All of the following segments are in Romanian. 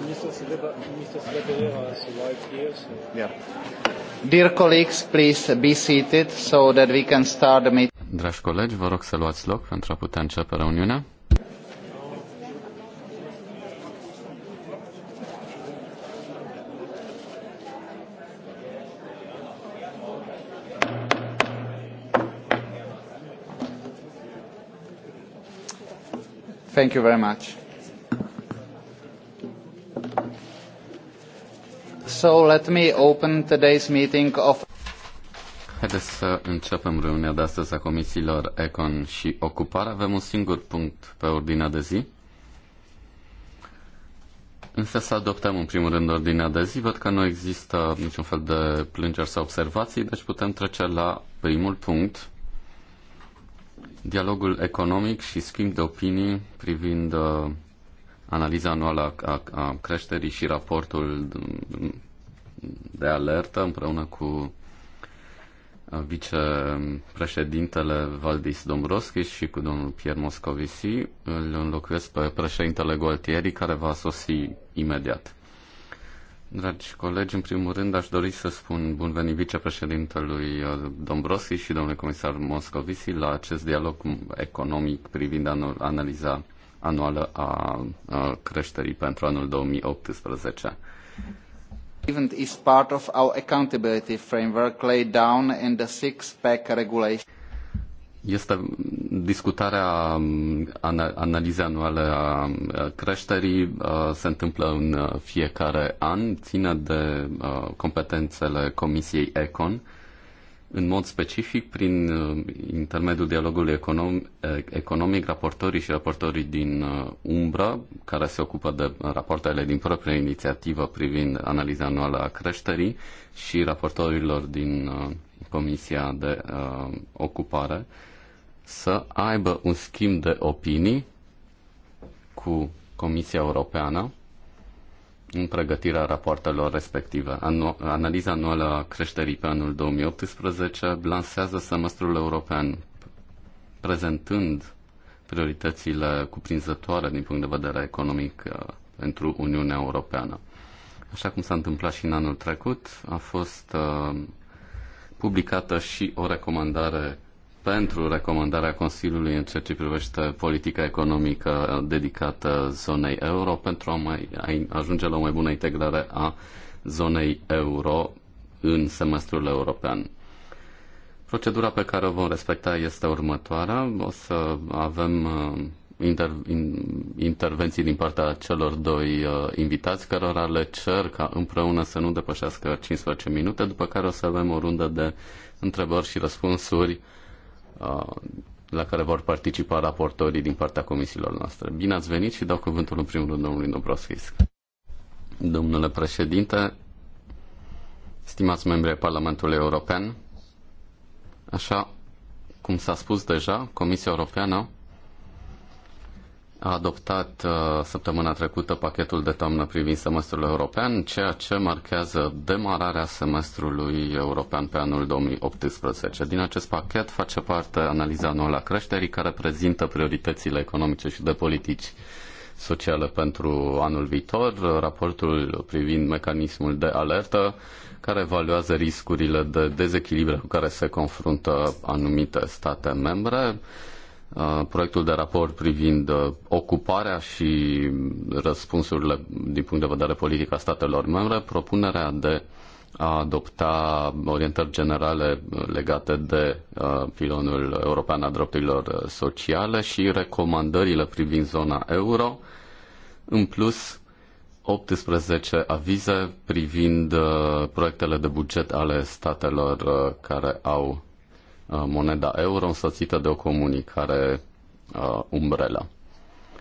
Mr. Dear colleagues, please be seated so that we can start the meeting. Dragi colegi, vă rog să luați loc pentru a putea începe reuniunea. Thank you very much. So let me open today's meeting of Haideți să începem reuniunea de astăzi a comisiilor Econ și Ocupare. Avem un singur punct pe ordinea de zi. Însă să adoptăm în primul rând ordinea de zi. Văd că nu există niciun fel de plângeri sau observații, deci putem trece la primul punct. Dialogul economic și schimb de opinii privind uh, analiza anuală a, a creșterii și raportul um, de alertă împreună cu uh, vicepreședintele Valdis Dombrovski și cu domnul Pierre Moscovici. Îl înlocuiesc pe președintele Gualtieri, care va sosi imediat. Dragi colegi, în primul rând aș dori să spun bun venit vicepreședintelui uh, Dombrovski și domnului comisar Moscovici la acest dialog economic privind anul, analiza anuală a, a uh, creșterii pentru anul 2018 is part of our accountability framework laid down in the six-pack regulation. Este discutarea um, anuale a creșterii, uh, se întâmplă în uh, fiecare an, ține de uh, competențele Comisiei ECON în mod specific, prin uh, intermediul dialogului econom- eh, economic, raportorii și raportorii din uh, umbră, care se ocupă de rapoartele din propria inițiativă privind analiza anuală a creșterii și raportorilor din uh, Comisia de Ocupare, să aibă un schimb de opinii cu Comisia Europeană în pregătirea rapoartelor respective. Anu- analiza anuală a creșterii pe anul 2018 lansează semestrul european, prezentând prioritățile cuprinzătoare din punct de vedere economic uh, pentru Uniunea Europeană. Așa cum s-a întâmplat și în anul trecut, a fost uh, publicată și o recomandare pentru recomandarea Consiliului în ceea ce privește politica economică dedicată zonei euro pentru a mai a ajunge la o mai bună integrare a zonei euro în semestrul european. Procedura pe care o vom respecta este următoarea. O să avem uh, inter- intervenții din partea celor doi uh, invitați, cărora le cer ca împreună să nu depășească 15 minute, după care o să avem o rundă de întrebări și răspunsuri la care vor participa raportorii din partea comisiilor noastre. Bine ați venit și dau cuvântul în primul rând domnului Dobroschis. Domnule președinte, stimați membri ai Parlamentului European, așa cum s-a spus deja, Comisia Europeană a adoptat uh, săptămâna trecută pachetul de toamnă privind semestrul european, ceea ce marchează demararea semestrului european pe anul 2018. Din acest pachet face parte analiza anuală a creșterii, care prezintă prioritățile economice și de politici sociale pentru anul viitor, raportul privind mecanismul de alertă, care evaluează riscurile de dezechilibre cu care se confruntă anumite state membre, Uh, proiectul de raport privind uh, ocuparea și răspunsurile din punct de vedere politic a statelor membre, propunerea de a adopta orientări generale uh, legate de pilonul european a drepturilor sociale și recomandările privind zona euro, în plus 18 avize privind proiectele de buget ale statelor care au Uh, moneda euro însoțită de o comunicare uh, umbrelă.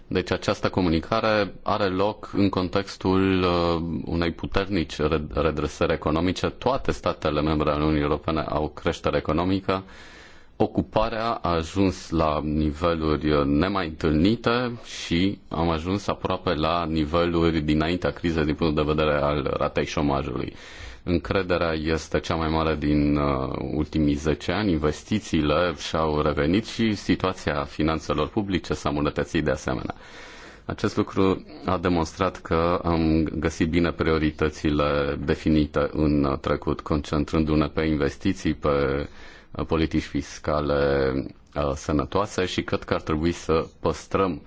Deci această comunicare are loc în contextul uh, unei puternici redresări economice. Toate statele membre ale Uniunii Europene au creștere economică. Ocuparea a ajuns la niveluri uh, nemai întâlnite și am ajuns aproape la niveluri dinaintea crizei din punct de vedere al ratei șomajului. Încrederea este cea mai mare din uh, ultimii 10 ani, investițiile și-au revenit și situația finanțelor publice s-a îmbunătățit de asemenea. Acest lucru a demonstrat că am găsit bine prioritățile definite în trecut, concentrându-ne pe investiții, pe uh, politici fiscale uh, sănătoase și cred că ar trebui să păstrăm uh,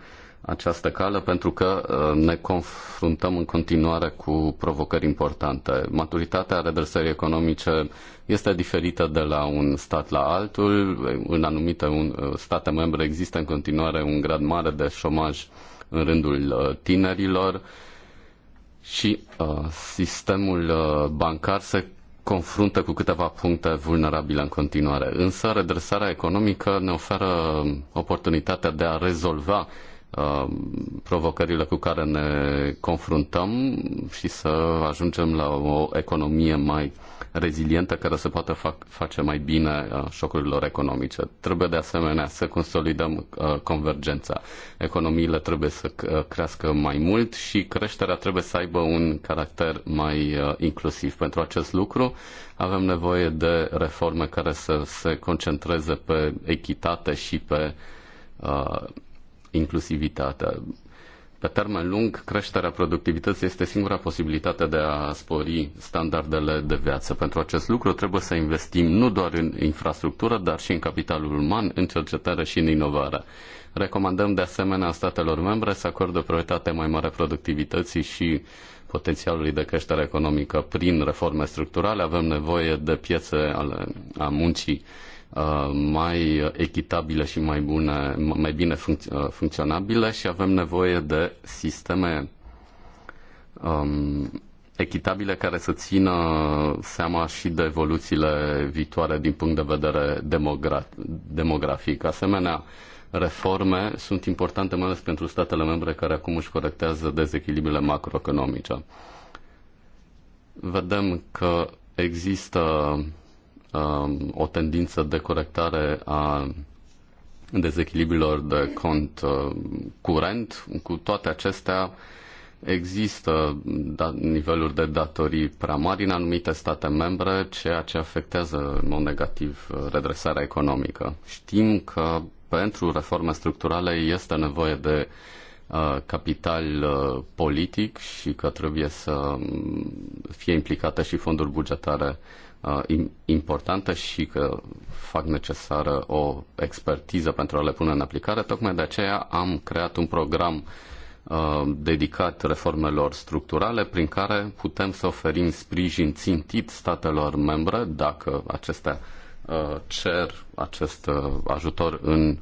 această cale pentru că uh, ne confruntăm în continuare cu provocări importante. Maturitatea redresării economice este diferită de la un stat la altul. În anumite uh, state membre există în continuare un grad mare de șomaj în rândul uh, tinerilor și sistemul bancar se confruntă cu câteva puncte vulnerabile în continuare. Însă redresarea economică ne oferă oportunitatea de a rezolva Um, provocările cu care ne confruntăm și să ajungem la o economie mai rezilientă care să poată fac, face mai bine uh, șocurilor economice. Trebuie de asemenea să consolidăm uh, convergența. Economiile trebuie să uh, crească mai mult și creșterea trebuie să aibă un caracter mai inclusiv. Pentru acest lucru avem nevoie de reforme care să se concentreze pe echitate și pe Inclusivitatea Pe termen lung, creșterea productivității este singura posibilitate de a spori standardele de viață. Pentru acest lucru trebuie să investim nu doar în infrastructură, dar și în capitalul uman, în cercetare și în inovare. Recomandăm de asemenea statelor membre să acorde prioritate mai mare productivității și potențialului de creștere economică prin reforme structurale. Avem nevoie de piețe ale, a muncii Uh, mai echitabile și mai, bune, mai bine func- uh, funcționabile și avem nevoie de sisteme um, echitabile care să țină seama și de evoluțiile viitoare din punct de vedere demogra- demografic. Asemenea, reforme sunt importante mai ales pentru statele membre care acum își corectează dezechilibrile macroeconomice. Vedem că există Um, o tendință de corectare a dezechilibrilor de cont uh, curent. Cu toate acestea, există da, niveluri de datorii prea mari în anumite state membre, ceea ce afectează în mod negativ uh, redresarea economică. Știm că pentru reforme structurale este nevoie de uh, capital politic și că trebuie să fie implicate și fonduri bugetare uh, Uh, importantă și că fac necesară o expertiză pentru a le pune în aplicare. Tocmai de aceea am creat un program uh, dedicat reformelor structurale prin care putem să oferim sprijin țintit statelor membre dacă acestea uh, cer acest ajutor în uh,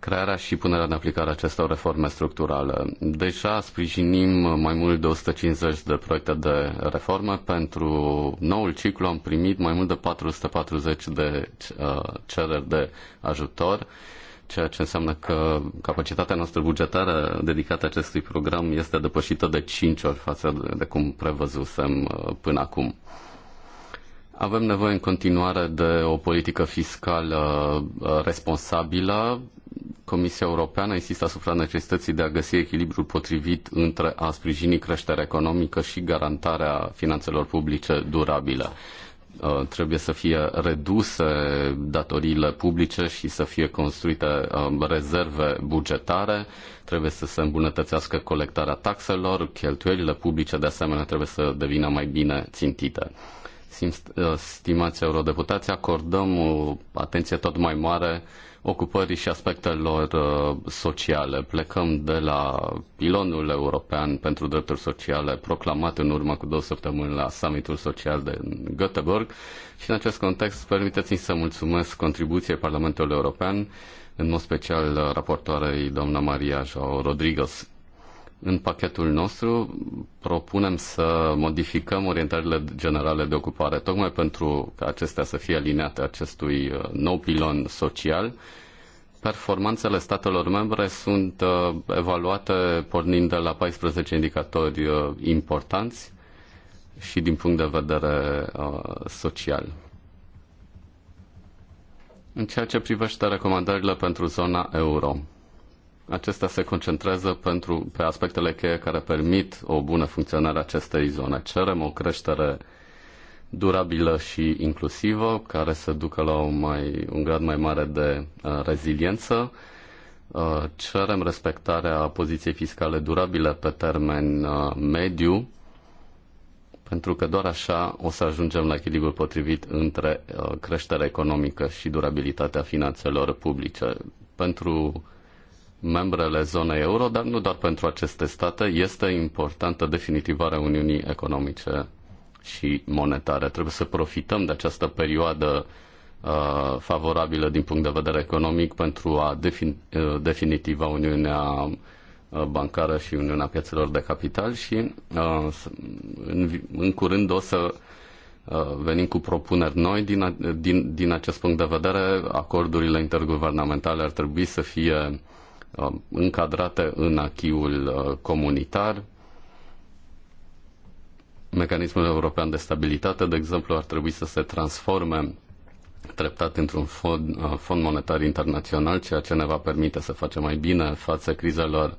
crearea și punerea în aplicare acestor reforme structurale. Deja sprijinim mai mult de 150 de proiecte de reformă, Pentru noul ciclu am primit mai mult de 440 de uh, cereri de ajutor, ceea ce înseamnă că capacitatea noastră bugetară dedicată acestui program este depășită de 5 ori față de cum prevăzusem uh, până acum. Avem nevoie în continuare de o politică fiscală uh, responsabilă Comisia Europeană insistă asupra necesității de a găsi echilibrul potrivit între a sprijini creșterea economică și garantarea finanțelor publice durabile. Uh, trebuie să fie reduse datoriile publice și să fie construite um, rezerve bugetare, trebuie să se îmbunătățească colectarea taxelor, cheltuielile publice de asemenea trebuie să devină mai bine țintite uh, stimați eurodeputați, acordăm o atenție tot mai mare ocupării și aspectelor uh, sociale. Plecăm de la pilonul european pentru drepturi sociale proclamat în urmă cu două săptămâni la summitul social de Göteborg și în acest context permiteți-mi să mulțumesc contribuției Parlamentului European, în mod special raportoarei doamna Maria Joao Rodriguez. În pachetul nostru propunem să modificăm orientările generale de ocupare, tocmai pentru ca acestea să fie aliniate acestui uh, nou pilon social. Performanțele statelor membre sunt uh, evaluate pornind de la 14 indicatori uh, importanți și din punct de vedere social. În ceea ce privește recomandările pentru zona euro, acesta se concentrează pentru, pe aspectele cheie care permit o bună funcționare a acestei zone. Cerem o creștere durabilă și inclusivă, care să ducă la un, mai, un grad mai mare de uh, reziliență. Uh, cerem respectarea poziției fiscale durabile pe termen uh, mediu, pentru că doar așa o să ajungem la echilibrul potrivit între uh, creșterea economică și durabilitatea finanțelor publice. Pentru uh, membrele zonei euro, dar nu doar pentru aceste state, este importantă definitivarea Uniunii Economice și Monetare. Trebuie să profităm de această perioadă uh, favorabilă din punct de vedere economic pentru a defin, uh, definitiva Uniunea uh, bancară și Uniunea Piațelor de Capital și uh, în, în curând o să uh, venim cu propuneri noi din, din, din acest punct de vedere. Acordurile interguvernamentale ar trebui să fie Um, încadrate în achiul uh, comunitar. Mecanismul european de stabilitate, de exemplu, ar trebui să se transforme treptat într-un fond, uh, fond monetar internațional, ceea ce ne va permite să facem mai bine față crizelor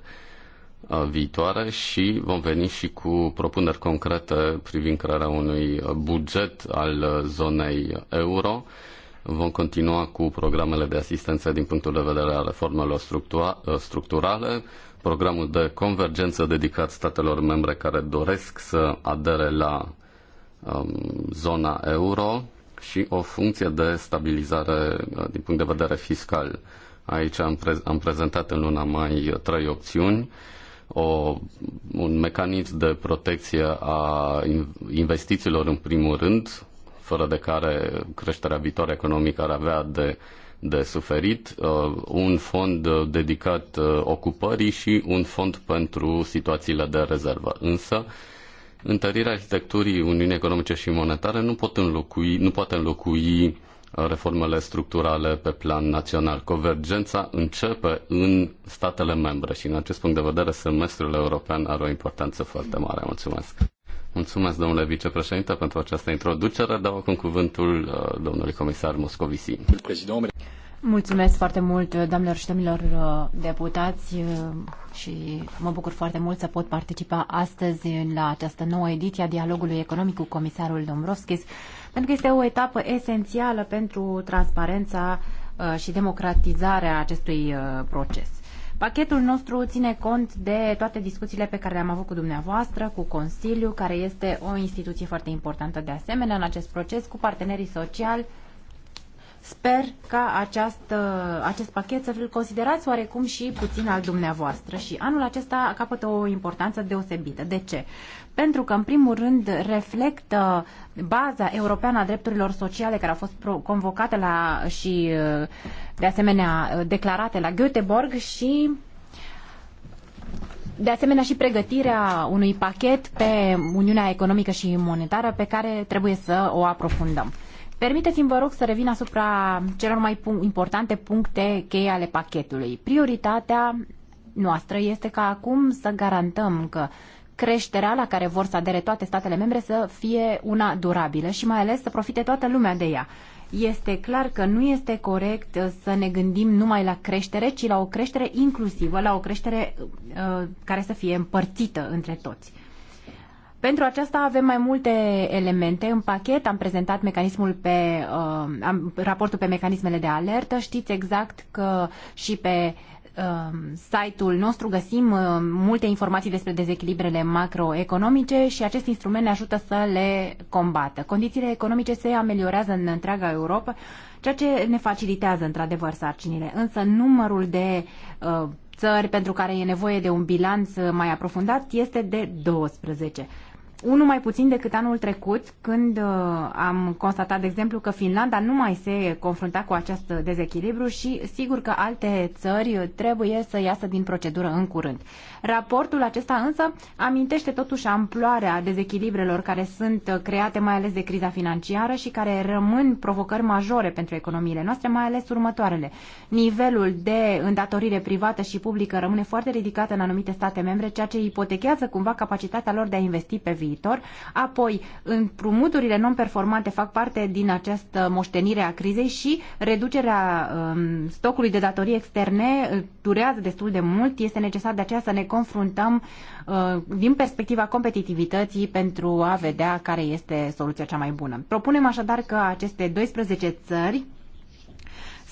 uh, viitoare și vom veni și cu propuneri concrete privind crearea unui buget al zonei euro Vom continua cu programele de asistență din punctul de vedere al reformelor uh, structurale, programul de convergență dedicat statelor membre care doresc să adere la um, zona euro și o funcție de stabilizare uh, din punct de vedere fiscal. Aici am, pre- am prezentat în luna mai uh, trei opțiuni o, un mecanism de protecție a investițiilor în primul rând, fără de care creșterea viitoare economică ar avea de, de suferit, uh, un fond dedicat uh, ocupării și un fond pentru situațiile de rezervă. Însă, întărirea arhitecturii Uniunii Economice și Monetare nu, pot înlocui, nu poate înlocui uh, reformele structurale pe plan național. Convergența începe în statele membre și în acest punct de vedere semestrul european are o importanță foarte mare. Mulțumesc! Mulțumesc, domnule vicepreședinte, pentru această introducere. Dau acum cuvântul uh, domnului comisar Moscovici. Mulțumesc foarte mult, uh, doamnelor și domnilor uh, deputați și mă bucur foarte mult să pot participa astăzi la această nouă ediție a dialogului economic cu comisarul Dombrovskis, pentru că este o etapă esențială pentru transparența și democratizarea acestui proces. Pachetul nostru ține cont de toate discuțiile pe care le-am avut cu dumneavoastră, cu Consiliu, care este o instituție foarte importantă de asemenea în acest proces, cu partenerii sociali, Sper ca această, acest pachet să îl considerați oarecum și puțin al dumneavoastră și anul acesta capătă o importanță deosebită. De ce? Pentru că, în primul rând, reflectă baza europeană a drepturilor sociale care a fost convocată la, și, de asemenea, declarate la Göteborg și de asemenea și pregătirea unui pachet pe Uniunea Economică și Monetară pe care trebuie să o aprofundăm. Permiteți-mi, vă rog, să revin asupra celor mai importante puncte cheie ale pachetului. Prioritatea noastră este ca acum să garantăm că creșterea la care vor să adere toate statele membre să fie una durabilă și mai ales să profite toată lumea de ea. Este clar că nu este corect să ne gândim numai la creștere, ci la o creștere inclusivă, la o creștere uh, care să fie împărțită între toți. Pentru aceasta avem mai multe elemente în pachet. Am prezentat mecanismul pe, uh, am, raportul pe mecanismele de alertă. Știți exact că și pe uh, site-ul nostru găsim uh, multe informații despre dezechilibrele macroeconomice și acest instrument ne ajută să le combată. Condițiile economice se ameliorează în întreaga Europa, ceea ce ne facilitează într-adevăr sarcinile. Însă numărul de uh, țări pentru care e nevoie de un bilanț mai aprofundat este de 12 unul mai puțin decât anul trecut, când uh, am constatat, de exemplu, că Finlanda nu mai se confrunta cu acest dezechilibru și sigur că alte țări trebuie să iasă din procedură în curând. Raportul acesta însă amintește totuși amploarea dezechilibrelor care sunt create mai ales de criza financiară și care rămân provocări majore pentru economiile noastre, mai ales următoarele. Nivelul de îndatorire privată și publică rămâne foarte ridicat în anumite state membre, ceea ce ipotechează cumva capacitatea lor de a investi pe viitor viitor. Apoi, împrumuturile non-performante fac parte din această moștenire a crizei și reducerea um, stocului de datorii externe uh, durează destul de mult. Este necesar de aceea să ne confruntăm uh, din perspectiva competitivității pentru a vedea care este soluția cea mai bună. Propunem așadar că aceste 12 țări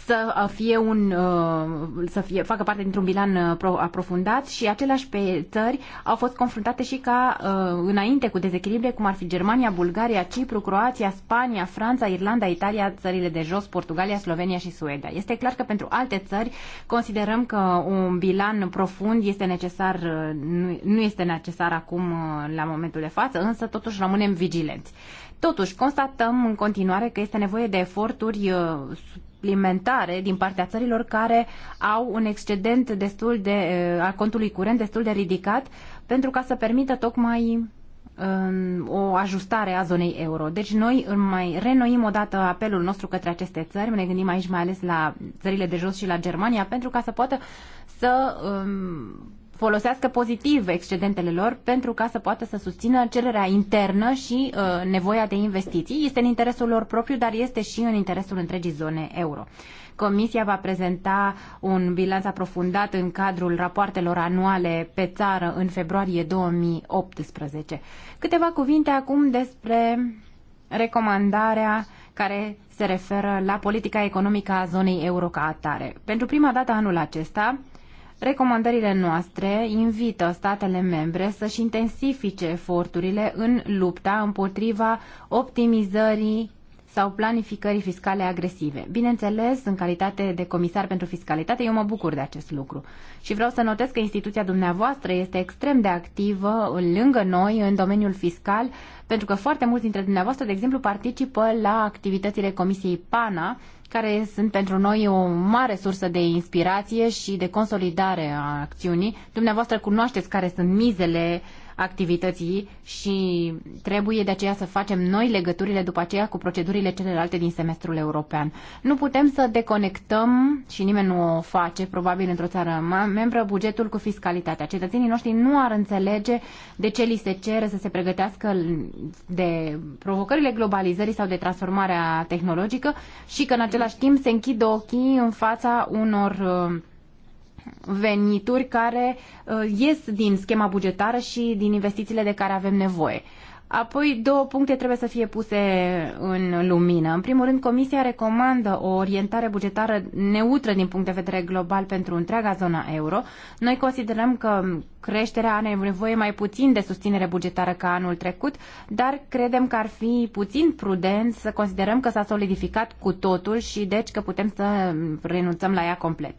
să fie un, uh, să fie, facă parte dintr-un bilan uh, aprofundat și aceleași pe țări au fost confruntate și ca uh, înainte cu dezechilibre, cum ar fi Germania, Bulgaria, Cipru, Croația, Spania, Franța, Irlanda, Italia, țările de jos, Portugalia, Slovenia și Suedia. Este clar că pentru alte țări considerăm că un bilan profund este necesar, nu este necesar acum la momentul de față, însă totuși rămânem vigilenți. Totuși, constatăm în continuare că este nevoie de eforturi uh, suplimentare din partea țărilor care au un excedent destul de, uh, al contului curent destul de ridicat pentru ca să permită tocmai um, o ajustare a zonei euro. Deci noi mai renoim odată apelul nostru către aceste țări, ne gândim aici mai ales la țările de jos și la Germania, pentru ca să poată să um, folosească pozitiv excedentele lor pentru ca să poată să susțină cererea internă și uh, nevoia de investiții. Este în interesul lor propriu, dar este și în interesul întregii zone euro. Comisia va prezenta un bilanț aprofundat în cadrul rapoartelor anuale pe țară în februarie 2018. Câteva cuvinte acum despre recomandarea care se referă la politica economică a zonei euro ca atare. Pentru prima dată anul acesta, Recomandările noastre invită statele membre să-și intensifice eforturile în lupta împotriva optimizării sau planificării fiscale agresive. Bineînțeles, în calitate de comisar pentru fiscalitate, eu mă bucur de acest lucru. Și vreau să notez că instituția dumneavoastră este extrem de activă lângă noi în domeniul fiscal, pentru că foarte mulți dintre dumneavoastră, de exemplu, participă la activitățile Comisiei PANA, care sunt pentru noi o mare sursă de inspirație și de consolidare a acțiunii. Dumneavoastră cunoașteți care sunt mizele uh, activității și trebuie de aceea să facem noi legăturile după aceea cu procedurile celelalte din semestrul european. Nu putem să deconectăm, și nimeni nu o face, probabil într-o țară membră, bugetul cu fiscalitatea. Cetățenii noștri nu ar înțelege de ce li se cere să se pregătească de provocările globalizării sau de transformarea tehnologică și că în același timp se închid ochii în fața unor uh, venituri care uh, ies din schema bugetară și din investițiile de care avem nevoie. Apoi, două puncte trebuie să fie puse în lumină. În primul rând, Comisia recomandă o orientare bugetară neutră din punct de vedere global pentru întreaga zona euro. Noi considerăm că creșterea are nevoie mai puțin de susținere bugetară ca anul trecut, dar credem că ar fi puțin prudent să considerăm că s-a solidificat cu totul și deci că putem să renunțăm la ea complet.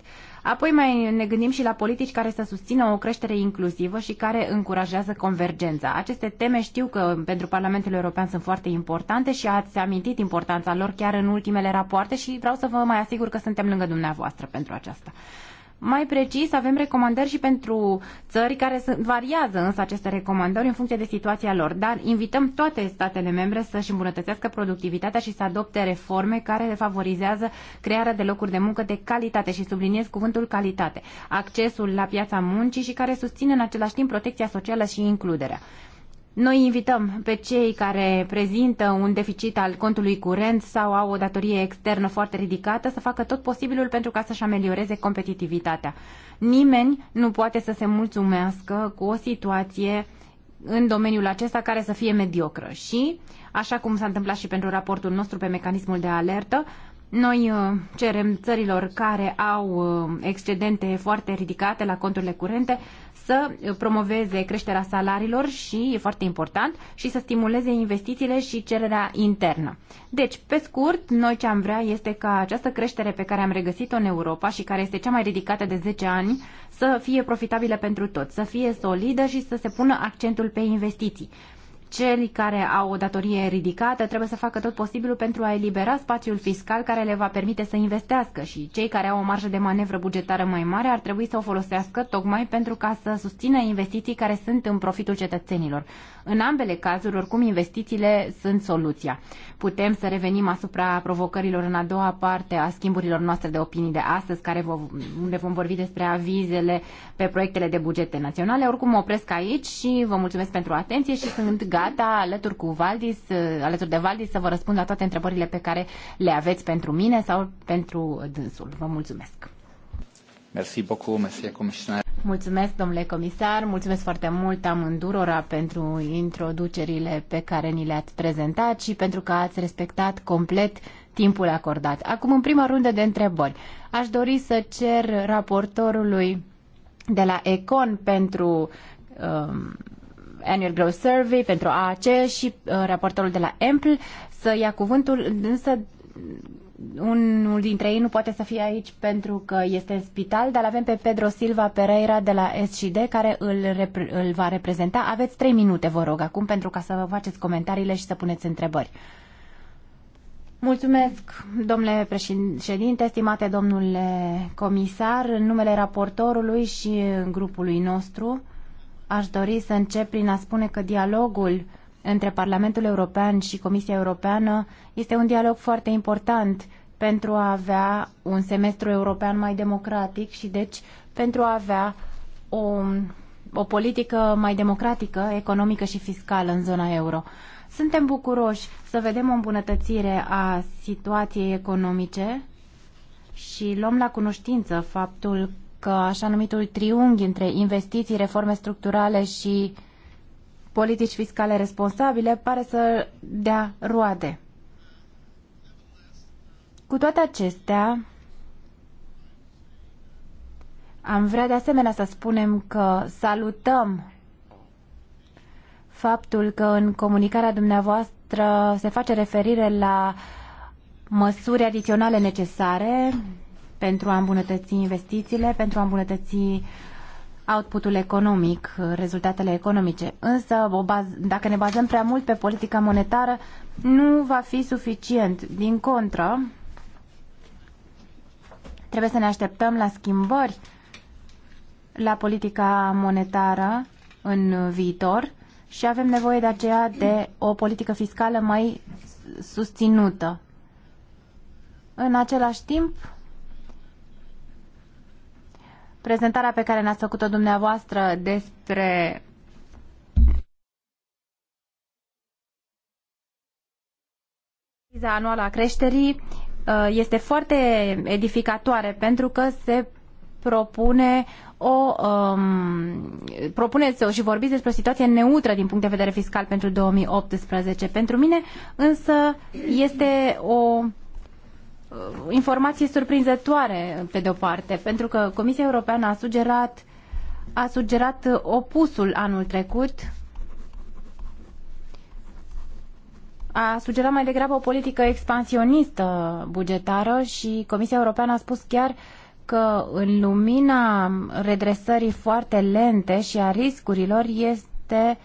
Apoi mai ne gândim și la politici care să susțină o creștere inclusivă și care încurajează convergența. Aceste teme știu că pentru Parlamentul European sunt foarte importante și ați amintit importanța lor chiar în ultimele rapoarte și vreau să vă mai asigur că suntem lângă dumneavoastră pentru aceasta. Mai precis, avem recomandări și pentru țări care sunt, variază însă aceste recomandări în funcție de situația lor, dar invităm toate statele membre să-și îmbunătățească productivitatea și să adopte reforme care favorizează crearea de locuri de muncă de calitate și subliniez cuvântul calitate, accesul la piața muncii și care susțin în același timp protecția socială și includerea. Noi invităm pe cei care prezintă un deficit al contului curent sau au o datorie externă foarte ridicată să facă tot posibilul pentru ca să-și amelioreze competitivitatea. Nimeni nu poate să se mulțumească cu o situație în domeniul acesta care să fie mediocră și, așa cum s-a întâmplat și pentru raportul nostru pe mecanismul de alertă, noi uh, cerem țărilor care au uh, excedente foarte ridicate la conturile curente să uh, promoveze creșterea salariilor și, e foarte important, și să stimuleze investițiile și cererea internă. Deci, pe scurt, noi ce am vrea este ca această creștere pe care am regăsit-o în Europa și care este cea mai ridicată de 10 ani să fie profitabilă pentru toți, să fie solidă și să se pună accentul pe investiții cei care au o datorie ridicată trebuie să facă tot posibilul pentru a elibera spațiul fiscal care le va permite să investească și cei care au o marjă de manevră bugetară mai mare ar trebui să o folosească tocmai pentru ca să susțină investiții care sunt în profitul cetățenilor. În ambele cazuri, oricum, investițiile sunt soluția putem să revenim asupra provocărilor în a doua parte a schimburilor noastre de opinii de astăzi, care vo, unde vom vorbi despre avizele pe proiectele de bugete naționale. Oricum, mă opresc aici și vă mulțumesc pentru atenție și sunt gata alături cu Valdis, alături de Valdis să vă răspund la toate întrebările pe care le aveți pentru mine sau pentru dânsul. Vă mulțumesc! Merci beaucoup, merci, comisionar. Mulțumesc, domnule comisar, mulțumesc foarte mult amândurora pentru introducerile pe care ni le-ați prezentat și pentru că ați respectat complet timpul acordat. Acum, în prima rundă de întrebări, aș dori să cer raportorului de la Econ pentru um, Annual Growth Survey, pentru AAC și uh, raportorul de la EMPL să ia cuvântul, însă unul dintre ei nu poate să fie aici pentru că este în spital, dar avem pe Pedro Silva Pereira de la SCD care îl, rep- îl va reprezenta. Aveți trei minute, vă rog, acum pentru ca să vă faceți comentariile și să puneți întrebări. Mulțumesc, domnule președinte, estimate domnule comisar, în numele raportorului și grupului nostru, aș dori să încep prin a spune că dialogul între Parlamentul European și Comisia Europeană este un dialog foarte important pentru a avea un semestru european mai democratic și deci pentru a avea o, o politică mai democratică, economică și fiscală în zona euro. Suntem bucuroși să vedem o îmbunătățire a situației economice și luăm la cunoștință faptul că așa numitul triunghi între investiții, reforme structurale și uh, politici fiscale responsabile pare să dea roade. Cu toate acestea, am vrea de asemenea să spunem că salutăm faptul că în comunicarea dumneavoastră se face referire la măsuri adiționale necesare pentru a îmbunătăți investițiile, pentru a îmbunătăți outputul economic, rezultatele economice. Însă, o baz- dacă ne bazăm prea mult pe politica monetară, nu va fi suficient. Din contră, trebuie să ne așteptăm la schimbări la politica monetară în viitor și avem nevoie de aceea de o politică fiscală mai susținută. În același timp, prezentarea pe care ne-ați făcut-o dumneavoastră despre criza anuală a creșterii uh, este foarte edificatoare pentru că se propune o um, propuneți și vorbiți despre o situație neutră din punct de vedere fiscal pentru 2018. Pentru mine însă este o Uh, informație surprinzătoare, pe de-o parte, pentru că Comisia Europeană a sugerat, a sugerat opusul anul trecut, a sugerat mai degrabă o politică expansionistă bugetară și Comisia Europeană a spus chiar că în lumina redresării foarte lente și a riscurilor este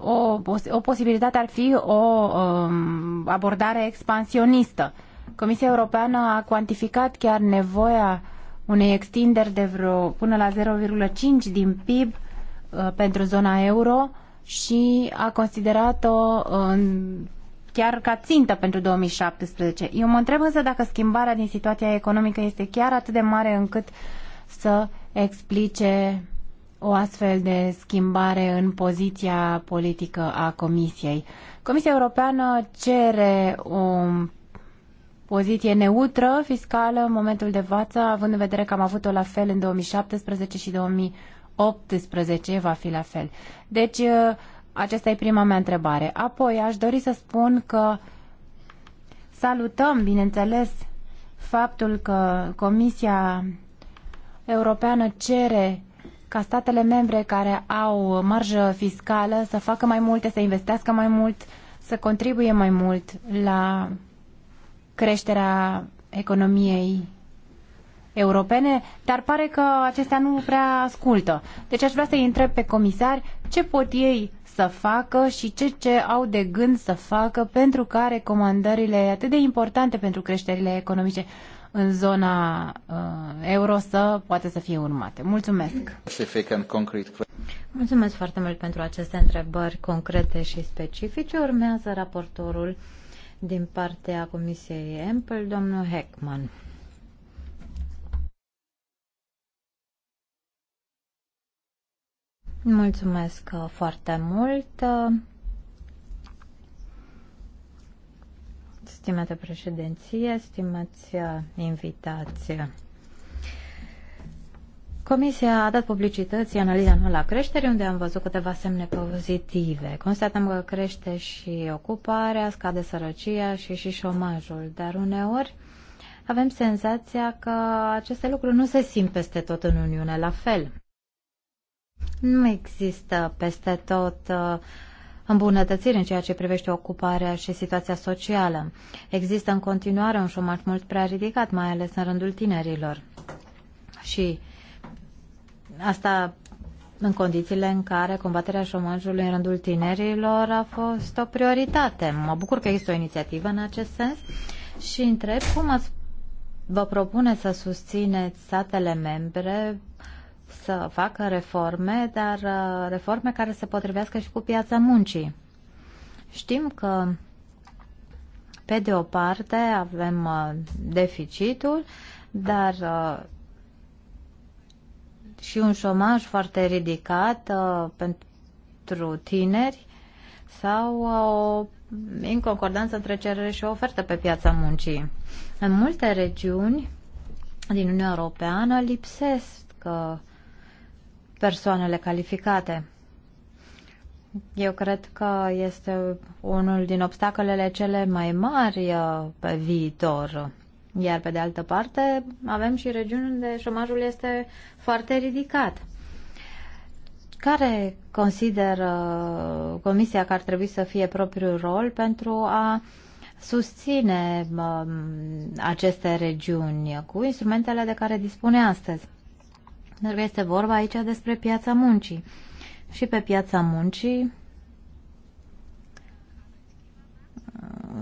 o, o posibilitate ar fi o um, abordare expansionistă. Comisia Europeană a cuantificat chiar nevoia unei extinderi de vreo până la 0,5 din PIB uh, pentru zona euro și a considerat-o uh, chiar ca țintă pentru 2017. Eu mă întreb însă dacă schimbarea din situația economică este chiar atât de mare încât să explice o astfel de schimbare în poziția politică a Comisiei. Comisia Europeană cere un poziție neutră fiscală în momentul de față, având în vedere că am avut-o la fel în 2017 și 2018 va fi la fel. Deci, uh, aceasta e prima mea întrebare. Apoi, aș dori să spun că salutăm, bineînțeles, faptul că Comisia Europeană cere ca statele membre care au marjă fiscală să facă mai multe, să investească mai mult, să contribuie mai mult la creșterea economiei europene, dar pare că acestea nu prea ascultă. Deci aș vrea să-i întreb pe comisari ce pot ei să facă și ce, ce au de gând să facă pentru ca recomandările atât de importante pentru creșterile economice în zona uh, euro să poate să fie urmate. Mulțumesc! Mulțumesc foarte mult pentru aceste întrebări concrete și specifice. Urmează raportorul din partea Comisiei Empel, domnul Heckman. Mulțumesc uh, foarte mult, uh, stimate președinție, stimați uh, invitație. Comisia a dat publicității analiza anuală la creștere, unde am văzut câteva semne pozitive. Constatăm că crește și ocuparea, scade sărăcia și și șomajul, dar uneori avem senzația că aceste lucruri nu se simt peste tot în Uniune la fel. Nu există peste tot uh, îmbunătățiri în ceea ce privește ocuparea și situația socială. Există în continuare un șomaj mult prea ridicat, mai ales în rândul tinerilor. Și Asta în condițiile în care combaterea șomajului în rândul tinerilor a fost o prioritate. Mă bucur că există o inițiativă în acest sens și întreb cum ați vă propune să susțineți statele membre să facă reforme, dar uh, reforme care se potrivească și cu piața muncii. Știm că pe de o parte avem uh, deficitul, dar uh, și un șomaj foarte ridicat uh, pentru tineri sau uh, o inconcordanță între cerere și ofertă pe piața muncii. În multe regiuni din Uniunea Europeană lipsesc uh, persoanele calificate. Eu cred că este unul din obstacolele cele mai mari uh, pe viitor. Iar pe de altă parte avem și regiuni unde șomajul este foarte ridicat. Care consideră Comisia că ar trebui să fie propriul rol pentru a susține um, aceste regiuni cu instrumentele de care dispune astăzi? Pentru că este vorba aici despre piața muncii. Și pe piața muncii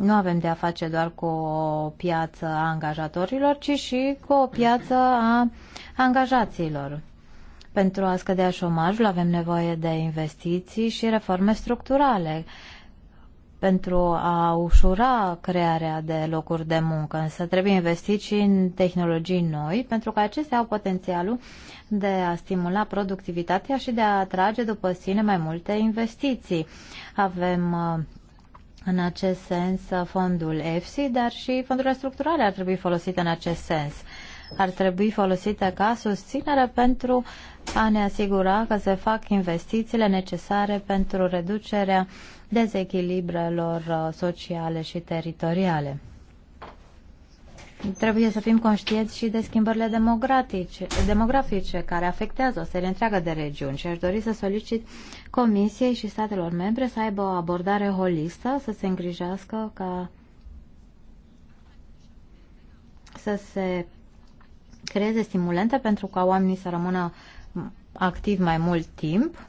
nu avem de a face doar cu o piață a angajatorilor, ci și cu o piață a angajaților. Pentru a scădea șomajul avem nevoie de investiții și reforme structurale pentru a ușura crearea de locuri de muncă, însă trebuie investit și în tehnologii noi, pentru că acestea au potențialul de a stimula productivitatea și de a atrage după sine mai multe investiții. Avem uh, în acest sens fondul EFSI, dar și fondurile structurale ar trebui folosite în acest sens. Ar trebui folosite ca susținere pentru a ne asigura că se fac investițiile necesare pentru reducerea dezechilibrelor uh, sociale și teritoriale. Trebuie să fim conștienți și de schimbările demografice demografice care afectează o serie întreagă de regiuni și aș dori să solicit Comisiei și statelor membre să aibă o abordare holistă, să se îngrijească ca să se creeze stimulente pentru ca oamenii să rămână activ mai mult timp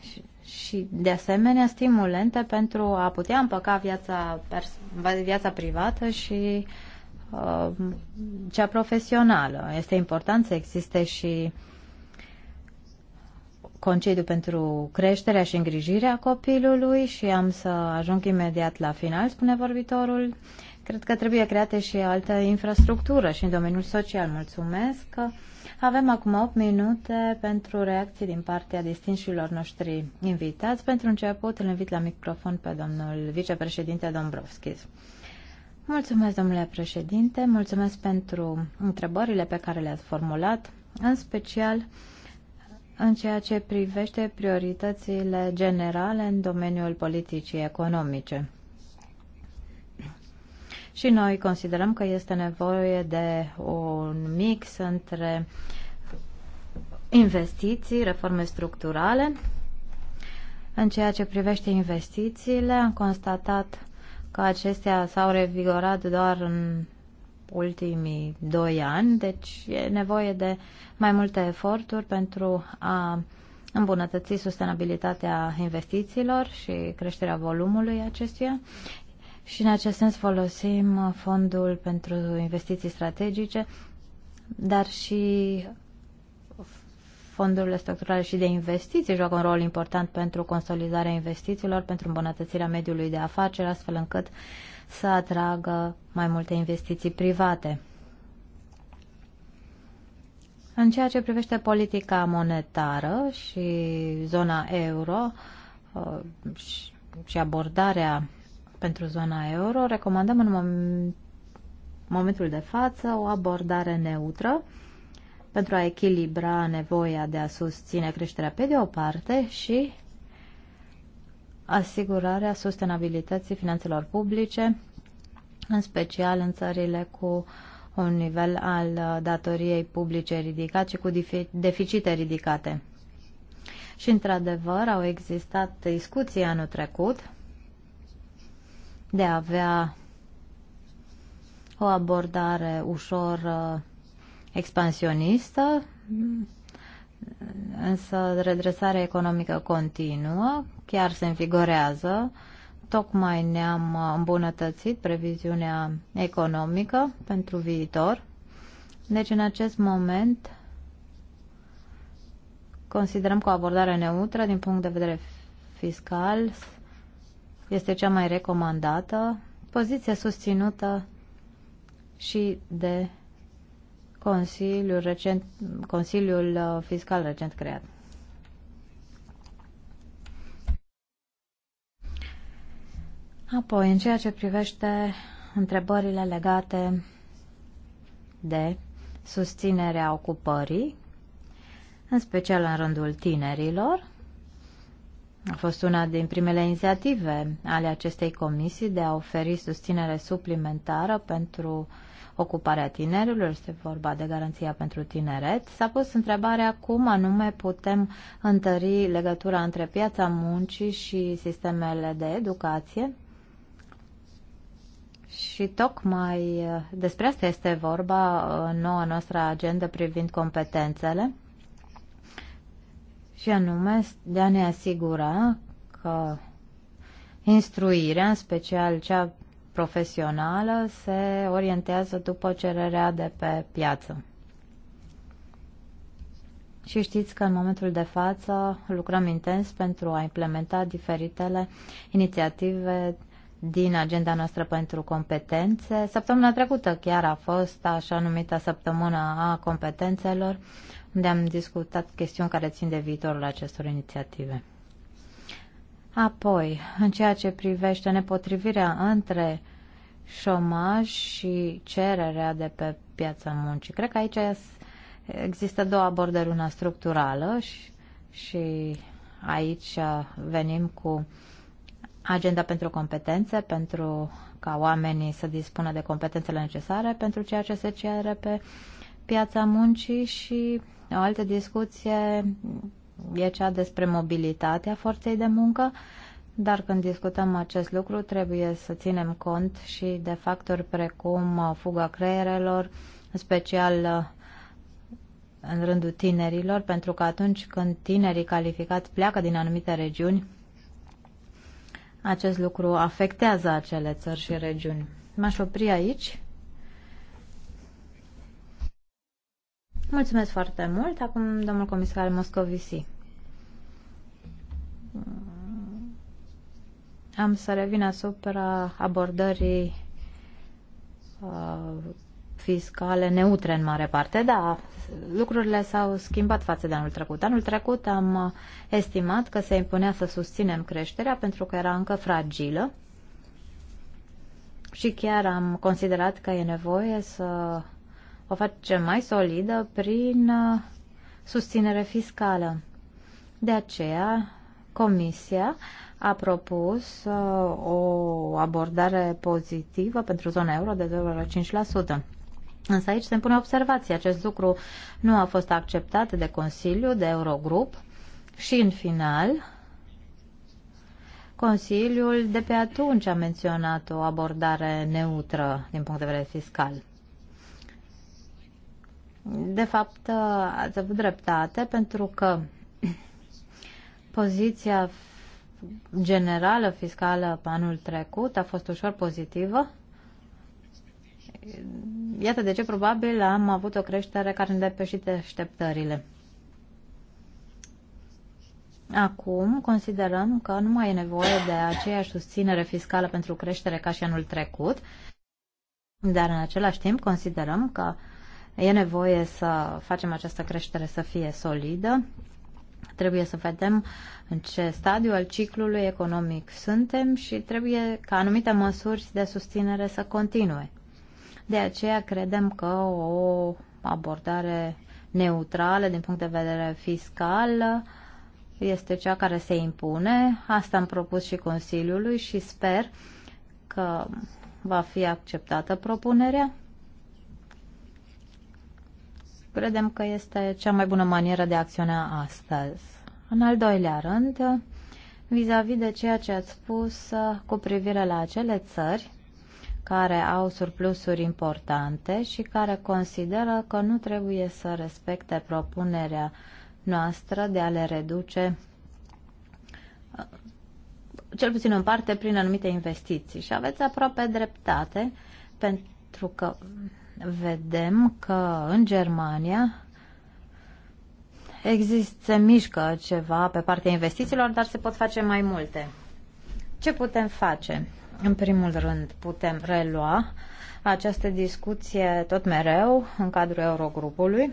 și, și de asemenea stimulente pentru a putea împăca viața, viața privată și Uh, cea profesională. Este important să existe și concediu pentru creșterea și îngrijirea copilului și am să ajung imediat la final, spune vorbitorul. Cred că trebuie create și altă infrastructură și în domeniul social. Mulțumesc. Avem acum 8 minute pentru reacții din partea distinșilor noștri invitați. Pentru început îl invit la microfon pe domnul vicepreședinte Dombrovskis. Mulțumesc, domnule președinte, mulțumesc pentru întrebările pe care le-ați formulat, în special în ceea ce privește prioritățile generale în domeniul politicii economice. Și noi considerăm că este nevoie de un mix între investiții, reforme structurale. În ceea ce privește investițiile, am constatat că acestea s-au revigorat doar în ultimii doi ani, deci e nevoie de mai multe eforturi pentru a îmbunătăți sustenabilitatea investițiilor și creșterea volumului acestuia. Și în acest sens folosim fondul pentru investiții strategice, dar și fondurile structurale și de investiții joacă un rol important pentru consolidarea investițiilor, pentru îmbunătățirea mediului de afaceri, astfel încât să atragă mai multe investiții private. În ceea ce privește politica monetară și zona euro uh, și abordarea pentru zona euro, recomandăm în momentul de față o abordare neutră pentru a echilibra nevoia de a susține creșterea pe de o parte și asigurarea sustenabilității finanțelor publice, în special în țările cu un nivel al datoriei publice ridicat și cu deficite ridicate. Și, într-adevăr, au existat discuții anul trecut de a avea o abordare ușor uh, expansionistă, însă redresarea economică continuă, chiar se învigorează. Tocmai ne-am îmbunătățit previziunea economică pentru viitor. Deci, în acest moment, considerăm că o abordare neutră din punct de vedere fiscal este cea mai recomandată, poziție susținută și de Consiliul, recent, Consiliul uh, Fiscal recent creat. Apoi, în ceea ce privește întrebările legate de susținerea ocupării, în special în rândul tinerilor, a fost una din primele inițiative ale acestei comisii de a oferi susținere suplimentară pentru uh, ocuparea tinerilor, este vorba de garanția pentru tineret. S-a pus întrebarea cum anume putem întări legătura între piața muncii și sistemele de educație. Și tocmai despre asta este vorba în noua noastră agendă privind competențele și anume de a ne asigura că instruirea, în special cea profesională se orientează după cererea de pe piață. Și știți că în momentul de față lucrăm intens pentru a implementa diferitele inițiative din agenda noastră pentru competențe. Săptămâna trecută chiar a fost așa numită săptămână a competențelor, unde am discutat chestiuni care țin de viitorul acestor inițiative. Apoi, în ceea ce privește nepotrivirea între șomaj și cererea de pe piața muncii, cred că aici există două abordări, una structurală și, și aici venim cu agenda pentru competențe, pentru ca oamenii să dispună de competențele necesare pentru ceea ce se cere pe piața muncii și o altă discuție e cea despre mobilitatea forței de muncă, dar când discutăm acest lucru trebuie să ținem cont și de factori precum fuga creierelor, în special uh, în rândul tinerilor, pentru că atunci când tinerii calificați pleacă din anumite regiuni, acest lucru afectează acele țări și regiuni. M-aș opri aici Mulțumesc foarte mult. Acum, domnul comisar Moscovici. Am să revin asupra abordării uh, fiscale neutre în mare parte. Da, lucrurile s-au schimbat față de anul trecut. Anul trecut am estimat că se impunea să susținem creșterea pentru că era încă fragilă și chiar am considerat că e nevoie să o face mai solidă prin uh, susținere fiscală. De aceea, Comisia a propus uh, o abordare pozitivă pentru zona euro de 2,5%. Însă aici se pune observație. Acest lucru nu a fost acceptat de Consiliu, de Eurogrup și, în final, Consiliul de pe atunci a menționat o abordare neutră din punct de vedere fiscal. De fapt, ați avut dreptate pentru că poziția generală fiscală anul trecut a fost ușor pozitivă. Iată de ce probabil am avut o creștere care ne depășit așteptările. Acum considerăm că nu mai e nevoie de aceeași susținere fiscală pentru creștere ca și anul trecut, dar în același timp considerăm că E nevoie să facem această creștere să fie solidă. Trebuie să vedem în ce stadiu al ciclului economic suntem și trebuie ca anumite măsuri de susținere să continue. De aceea credem că o abordare neutrală din punct de vedere fiscal este cea care se impune. Asta am propus și Consiliului și sper că va fi acceptată propunerea credem că este cea mai bună manieră de a acționa astăzi. În al doilea rând, vis-a-vis -vis de ceea ce ați spus uh, cu privire la acele țări care au surplusuri importante și care consideră că nu trebuie să respecte propunerea noastră de a le reduce uh, cel puțin în parte prin anumite investiții. Și aveți aproape dreptate pentru că vedem că în Germania există, se mișcă ceva pe partea investițiilor, dar se pot face mai multe. Ce putem face? În primul rând, putem relua această discuție tot mereu în cadrul Eurogrupului.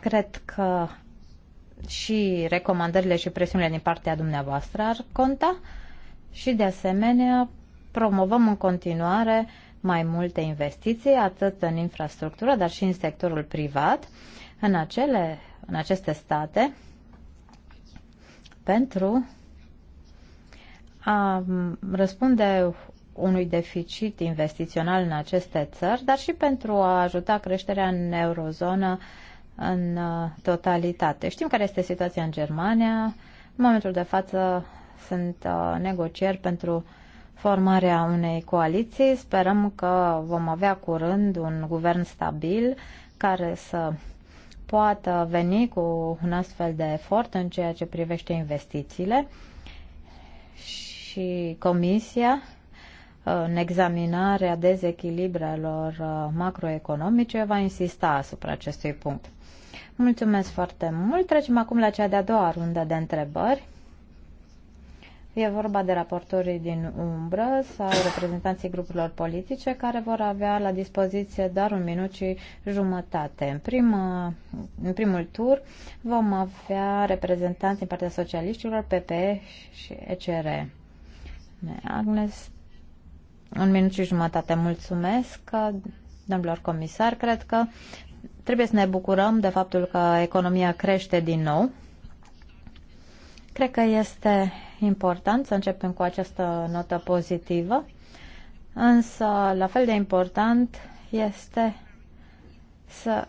Cred că și recomandările și presiunile din partea dumneavoastră ar conta și, de asemenea, promovăm în continuare uh, mai multe investiții, atât în infrastructură, dar și în sectorul privat, în, acele, în aceste state, pentru a răspunde unui deficit investițional în aceste țări, dar și pentru a ajuta creșterea în eurozonă în uh, totalitate. Știm care este situația în Germania. În momentul de față sunt uh, negocieri pentru uh, formarea unei coaliții. Sperăm că vom avea curând un guvern stabil care să poată veni cu un astfel de efort în ceea ce privește investițiile și Comisia în examinarea dezechilibrelor macroeconomice va insista asupra acestui punct. Mulțumesc foarte mult. Trecem acum la cea de-a doua rundă de întrebări. E vorba de raportorii din umbră sau reprezentanții grupurilor politice care vor avea la dispoziție doar un minut și jumătate. În, primă, în primul tur vom avea reprezentanți din partea socialiștilor, PP și ECR. Agnes, un minut și jumătate. Mulțumesc, domnilor comisar. Cred că trebuie să ne bucurăm de faptul că economia crește din nou Cred că este important să începem cu această notă pozitivă, însă la fel de important este să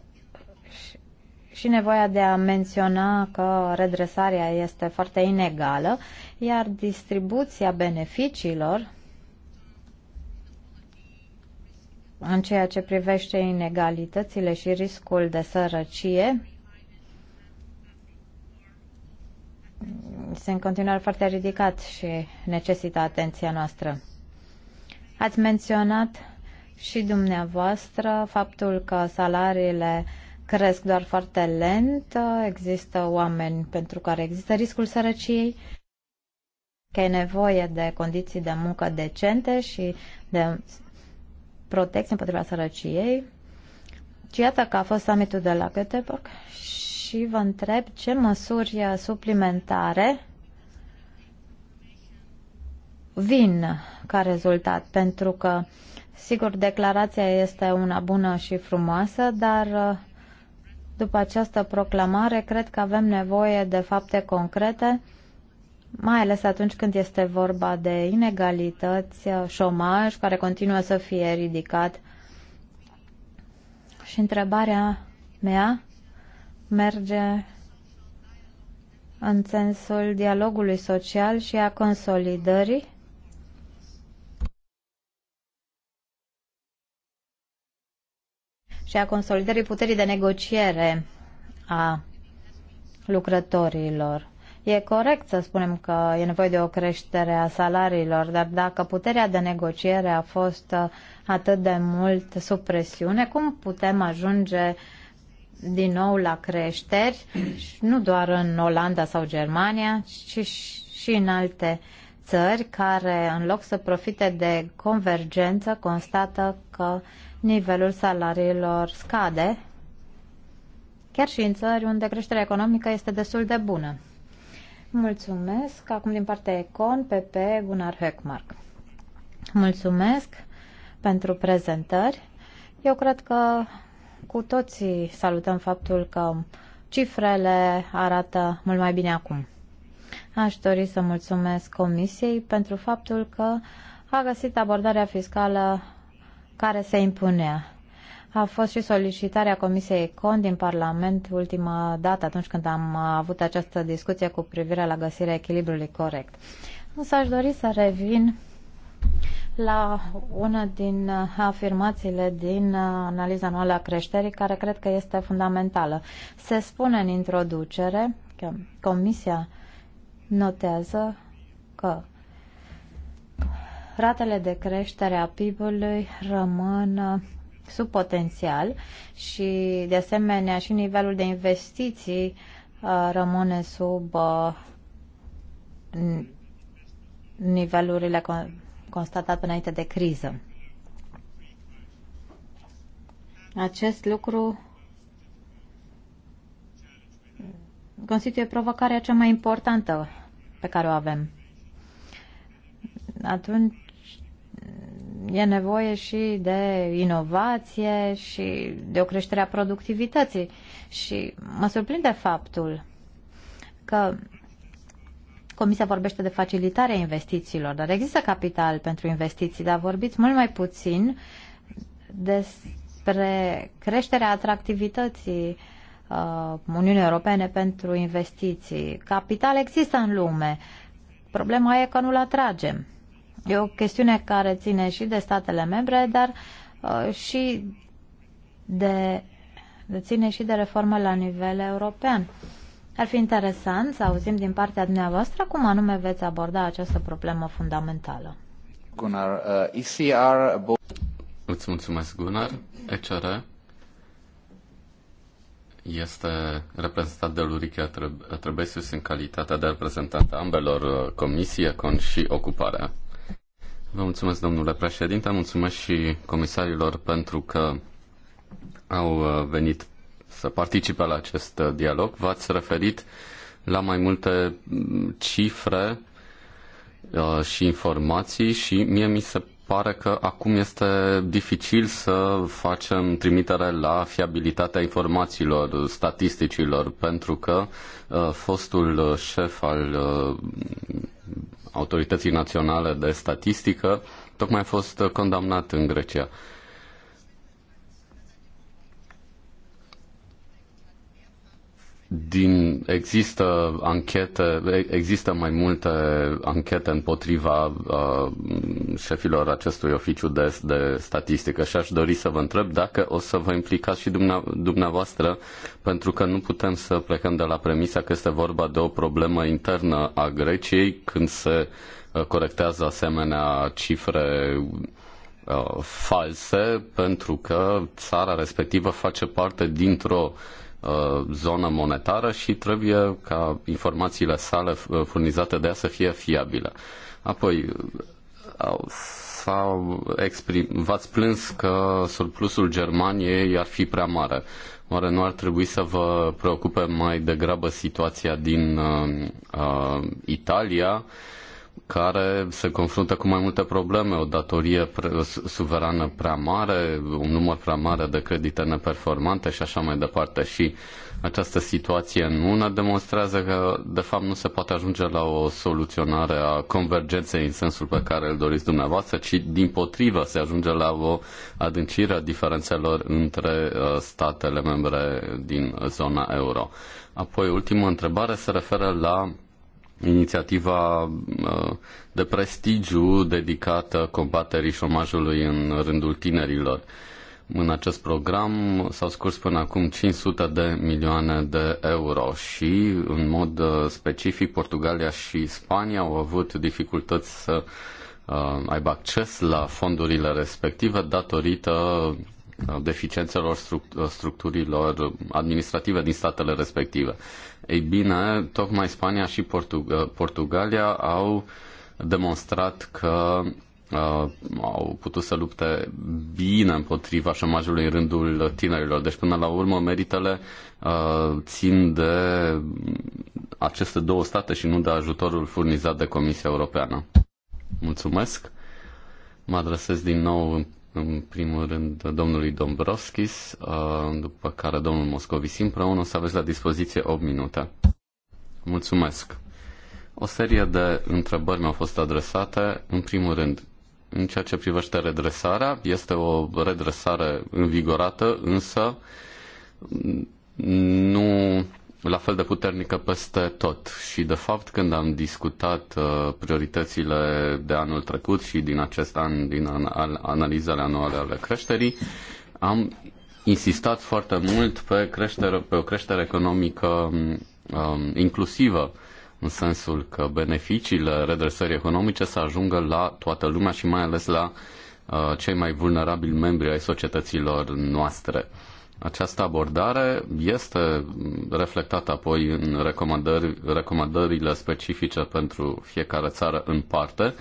și nevoia de a menționa că redresarea este foarte inegală, iar distribuția beneficiilor în ceea ce privește inegalitățile și riscul de sărăcie este în continuare foarte ridicat și necesită atenția noastră. Ați menționat și dumneavoastră faptul că salariile cresc doar foarte lent, există oameni pentru care există riscul sărăciei, că e nevoie de condiții de muncă decente și de protecție împotriva sărăciei. Și iată că a fost summitul de la Göteborg și vă întreb ce măsuri suplimentare vin ca rezultat, pentru că, sigur, declarația este una bună și frumoasă, dar după această proclamare cred că avem nevoie de fapte concrete, mai ales atunci când este vorba de inegalități, șomaj care continuă să fie ridicat. Și întrebarea mea merge în sensul dialogului social și a consolidării și a consolidării puterii de negociere a lucrătorilor. E corect să spunem că e nevoie de o creștere a salariilor, dar dacă puterea de negociere a fost atât de mult sub presiune, cum putem ajunge uh, din nou la creșteri, nu doar în Olanda sau Germania, ci și în alte țări care, în loc să profite de convergență, constată că nivelul salariilor scade, chiar și în țări unde creșterea economică este destul de bună. Mulțumesc. Acum din partea Econ, PP, Gunnar Höckmark. Mulțumesc pentru prezentări. Eu cred că cu toții salutăm faptul că cifrele arată mult mai bine acum. Aș dori să mulțumesc Comisiei pentru faptul că a găsit abordarea fiscală care se impunea. A fost și solicitarea Comisiei Econ din Parlament ultima dată atunci când am avut această discuție cu privire la găsirea echilibrului corect. Însă aș dori să revin la una din uh, afirmațiile din uh, analiza anuală a creșterii, care cred că este fundamentală. Se spune în introducere că Comisia notează că ratele de creștere a PIB-ului rămân uh, sub potențial și, de asemenea, și nivelul de investiții rămâne sub nivelurile constatat înainte de criză. Acest lucru constituie provocarea cea mai importantă pe care o avem. Atunci e nevoie și de inovație și de o creștere a productivității. Și mă surprinde faptul că Comisia vorbește de facilitarea investițiilor, dar există capital pentru investiții, dar vorbiți mult mai puțin despre creșterea atractivității uh, Uniunii Europene pentru investiții. Capital există în lume. Problema e că nu-l atragem. E o chestiune care ține și de statele membre, dar uh, și de, de ține și de reformă la nivel european. Ar fi interesant să auzim din partea dumneavoastră cum anume veți aborda această problemă fundamentală. Gunnar, uh, ECR... Îți mulțumesc, Gunnar. ECR este reprezentat de Lurica Trebesius în calitatea de reprezentant a ambelor uh, comisie, con și ocuparea. Vă mulțumesc, domnule președinte, mulțumesc și comisarilor pentru că au uh, venit să participe la acest uh, dialog. V-ați referit la mai multe mm, cifre uh, și informații și mie mi se pare că acum este dificil să facem trimitere la fiabilitatea informațiilor, statisticilor, pentru că uh, fostul șef al Autorității Naționale de Statistică tocmai a fost condamnat în Grecia. din, există anchete, există mai multe anchete împotriva uh, șefilor acestui oficiu de, de statistică și aș dori să vă întreb dacă o să vă implicați și dumne, dumneavoastră, pentru că nu putem să plecăm de la premisa că este vorba de o problemă internă a Greciei când se uh, corectează asemenea cifre uh, false, pentru că țara respectivă face parte dintr-o uh, Uh, zonă monetară și trebuie ca informațiile sale uh, furnizate de ea să fie fiabile. Apoi, sau exprim, v-ați plâns că surplusul Germaniei ar fi prea mare. Oare nu ar trebui să vă preocupe mai degrabă situația din uh, uh Italia? Uh, care se confruntă cu mai multe probleme, o datorie suverană prea mare, un număr prea mare de credite neperformante și așa mai departe. Și această situație nu ne demonstrează că, de fapt, nu se poate ajunge la o soluționare a convergenței în sensul pe care îl doriți dumneavoastră, ci, din potrivă, se ajunge la o adâncire a diferențelor între uh, statele membre din zona euro. Apoi, ultima întrebare se referă la inițiativa uh, de prestigiu dedicată combaterii șomajului în rândul tinerilor. În acest program s-au scurs până acum 500 de milioane de euro și, în mod uh, specific, Portugalia și Spania au avut dificultăți să uh, aibă acces la fondurile respective datorită Uh, deficiențelor uh, structurilor administrative din statele respective. Ei bine, tocmai Spania și uh, Portugalia au demonstrat că uh, au putut să lupte bine împotriva șomajului în rândul tinerilor. Deci, până la urmă, meritele uh, țin de aceste două state și nu de ajutorul furnizat de Comisia Europeană. Mulțumesc! Mă adresez din nou în primul rând domnului Dombrovskis, uh, după care domnul Moscovici împreună o să aveți la dispoziție 8 minute. Mulțumesc! O serie de întrebări mi-au fost adresate. În primul rând, în ceea ce privește redresarea, este o redresare învigorată, însă nu la fel de puternică peste tot. Și, de fapt, când am discutat uh, prioritățile de anul trecut și din acest an, din an, an, analizele anuale ale creșterii, am insistat foarte mult pe, creștere, pe o creștere economică um, inclusivă, în sensul că beneficiile redresării economice să ajungă la toată lumea și mai ales la uh, cei mai vulnerabili membri ai societăților noastre. Această abordare este reflectată apoi în recomandări, recomandările specifice pentru fiecare țară în parte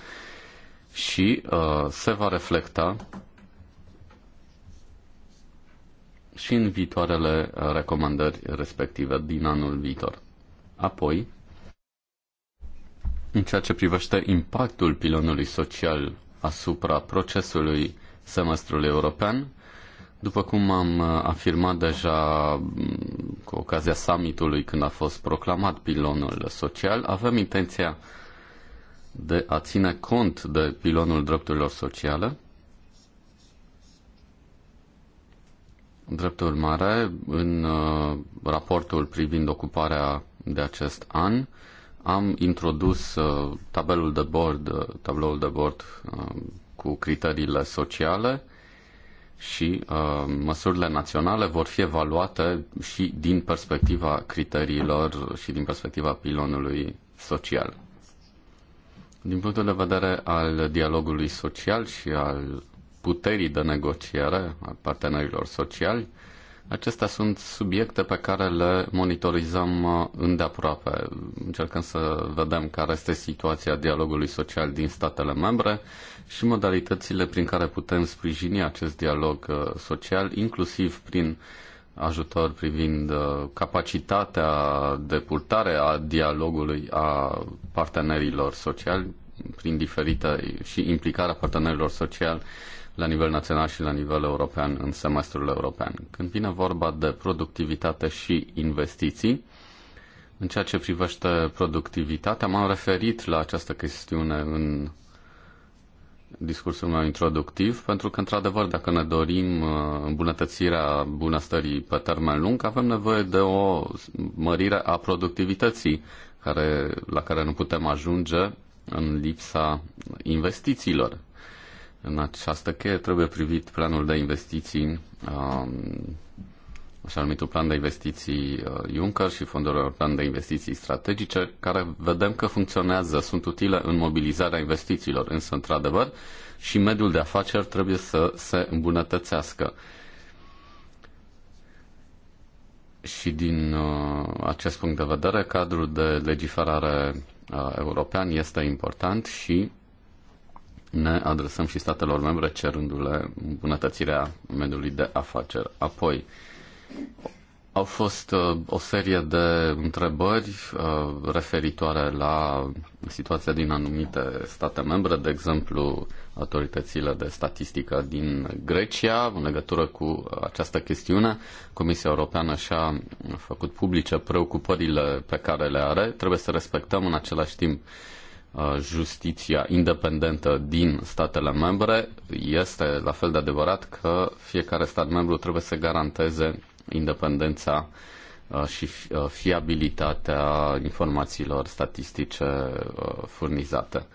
și uh, se va reflecta și în viitoarele recomandări respective din anul viitor. Apoi, în ceea ce privește impactul pilonului social asupra procesului semestrului european, după cum am uh, afirmat deja mm, cu ocazia summitului când a fost proclamat pilonul social, avem intenția de a ține cont de pilonul drepturilor sociale. Drept urmare, în uh, raportul privind ocuparea de acest an, am introdus uh, tabelul de bord, tabloul de bord cu criteriile sociale și uh, măsurile naționale vor fi evaluate și din perspectiva criteriilor și din perspectiva pilonului social. Din punctul de vedere al dialogului social și al puterii de negociere a partenerilor sociali, uh, Acestea sunt subiecte pe care le monitorizăm uh, îndeaproape. Încercăm să vedem care este situația dialogului social din statele membre și modalitățile prin care putem sprijini acest dialog uh, social, inclusiv prin ajutor privind uh, capacitatea de purtare a dialogului a partenerilor sociali prin diferite și implicarea partenerilor sociali la nivel național și la nivel european în semestrul european. Când vine vorba de productivitate și investiții, în ceea ce privește productivitatea, m-am referit la această chestiune în discursul meu introductiv, pentru că, într-adevăr, dacă ne dorim uh, îmbunătățirea bunăstării pe termen lung, avem nevoie de o mărire a productivității care, la care nu putem ajunge în lipsa investițiilor. În această cheie trebuie privit planul de investiții, um, așa numitul plan de investiții uh, Juncker și fondul european de investiții strategice, care vedem că funcționează, sunt utile în mobilizarea investițiilor, însă, într-adevăr, și mediul de afaceri trebuie să se îmbunătățească. Și din uh, acest punct de vedere, cadrul de legiferare uh, european este important și ne adresăm și statelor membre cerându-le îmbunătățirea mediului de afaceri. Apoi, au fost uh, o serie de întrebări uh, referitoare la situația din anumite state membre, de exemplu autoritățile de statistică din Grecia, în legătură cu această chestiune. Comisia Europeană și-a făcut publice preocupările pe care le are. Trebuie să respectăm în același timp uh, Uh, justiția independentă din statele membre, este la fel de adevărat că fiecare stat membru trebuie să garanteze independența uh, și uh, fiabilitatea informațiilor statistice furnizate.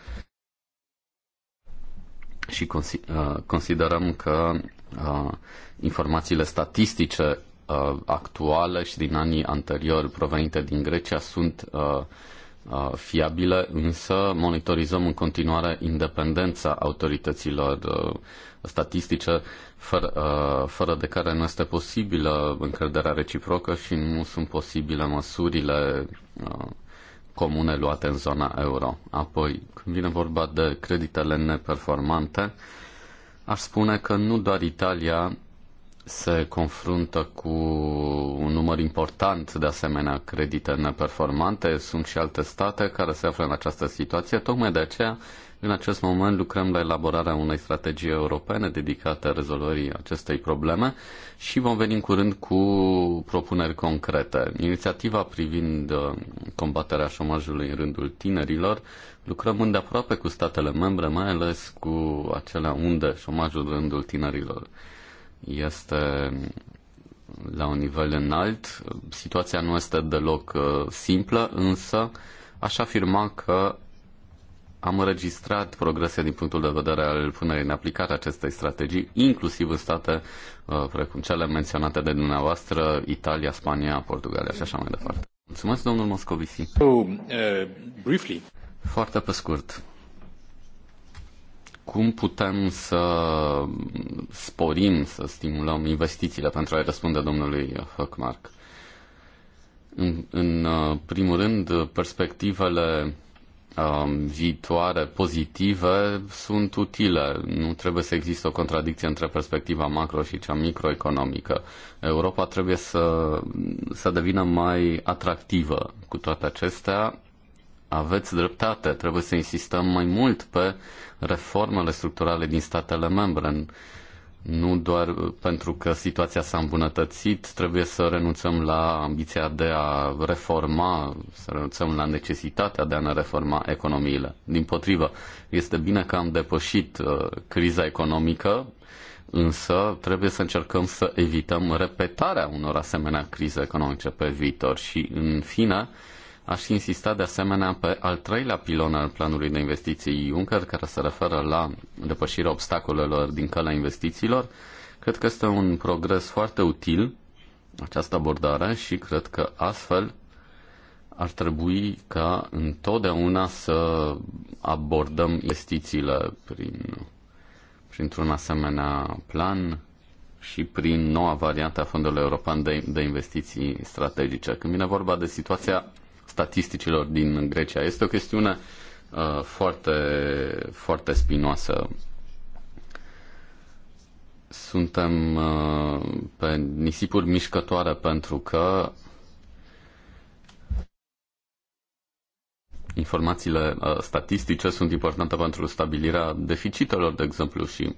Și considerăm că informațiile statistice actuale și din anii anteriori provenite din Grecia sunt Uh, fiabile, însă monitorizăm în continuare independența autorităților uh, statistice, fără, uh, fără de care nu este posibilă încrederea reciprocă și nu sunt posibile măsurile comune luate în zona euro. Apoi, când vine vorba de creditele neperformante, aș spune că nu doar Italia se confruntă cu un număr important de asemenea credite neperformante. Sunt și alte state care se află în această situație. Tocmai de aceea, în acest moment, lucrăm la elaborarea unei strategii europene dedicate rezolvării acestei probleme și vom veni în curând cu propuneri concrete. Inițiativa privind uh, combaterea șomajului în rândul tinerilor lucrăm îndeaproape cu statele membre, mai ales cu acelea unde șomajul în rândul tinerilor este la un nivel înalt. Situația nu este deloc uh, simplă, însă aș afirma că am înregistrat progrese din punctul de vedere al punerii în aplicare acestei strategii, inclusiv în state uh, precum cele menționate de dumneavoastră, Italia, Spania, Portugalia și așa mai departe. Mulțumesc, domnul Moscovici. Oh, uh, briefly. Foarte pe scurt cum putem să sporim, să stimulăm investițiile pentru a-i răspunde domnului Höckmark? În, în uh, primul rând, perspectivele um, viitoare pozitive sunt utile. Nu trebuie să existe o contradicție între perspectiva macro și cea microeconomică. Europa trebuie să, să devină mai atractivă. Cu toate acestea, aveți dreptate, trebuie să insistăm mai mult pe reformele structurale din statele membre. Nu doar pentru că situația s-a îmbunătățit, trebuie să renunțăm la ambiția de a reforma, să renunțăm la necesitatea de a ne reforma economiile. Din potrivă, este bine că am depășit uh, criza economică, însă trebuie să încercăm să evităm repetarea unor asemenea crize economice pe viitor și, în fine, uh, Aș insista de asemenea pe al treilea pilon al planului de investiții Juncker, care se referă la depășirea obstacolelor din calea investițiilor. Cred că este un progres foarte util această abordare și cred că astfel ar trebui ca întotdeauna să abordăm investițiile prin, printr-un asemenea plan și prin noua variantă a Fondului European de, de Investiții Strategice. Când vine vorba de situația statisticilor din Grecia. Este o chestiune uh, foarte, foarte spinoasă. Suntem uh, pe nisipuri mișcătoare pentru că informațiile uh, statistice sunt importante pentru stabilirea deficitelor, de exemplu, și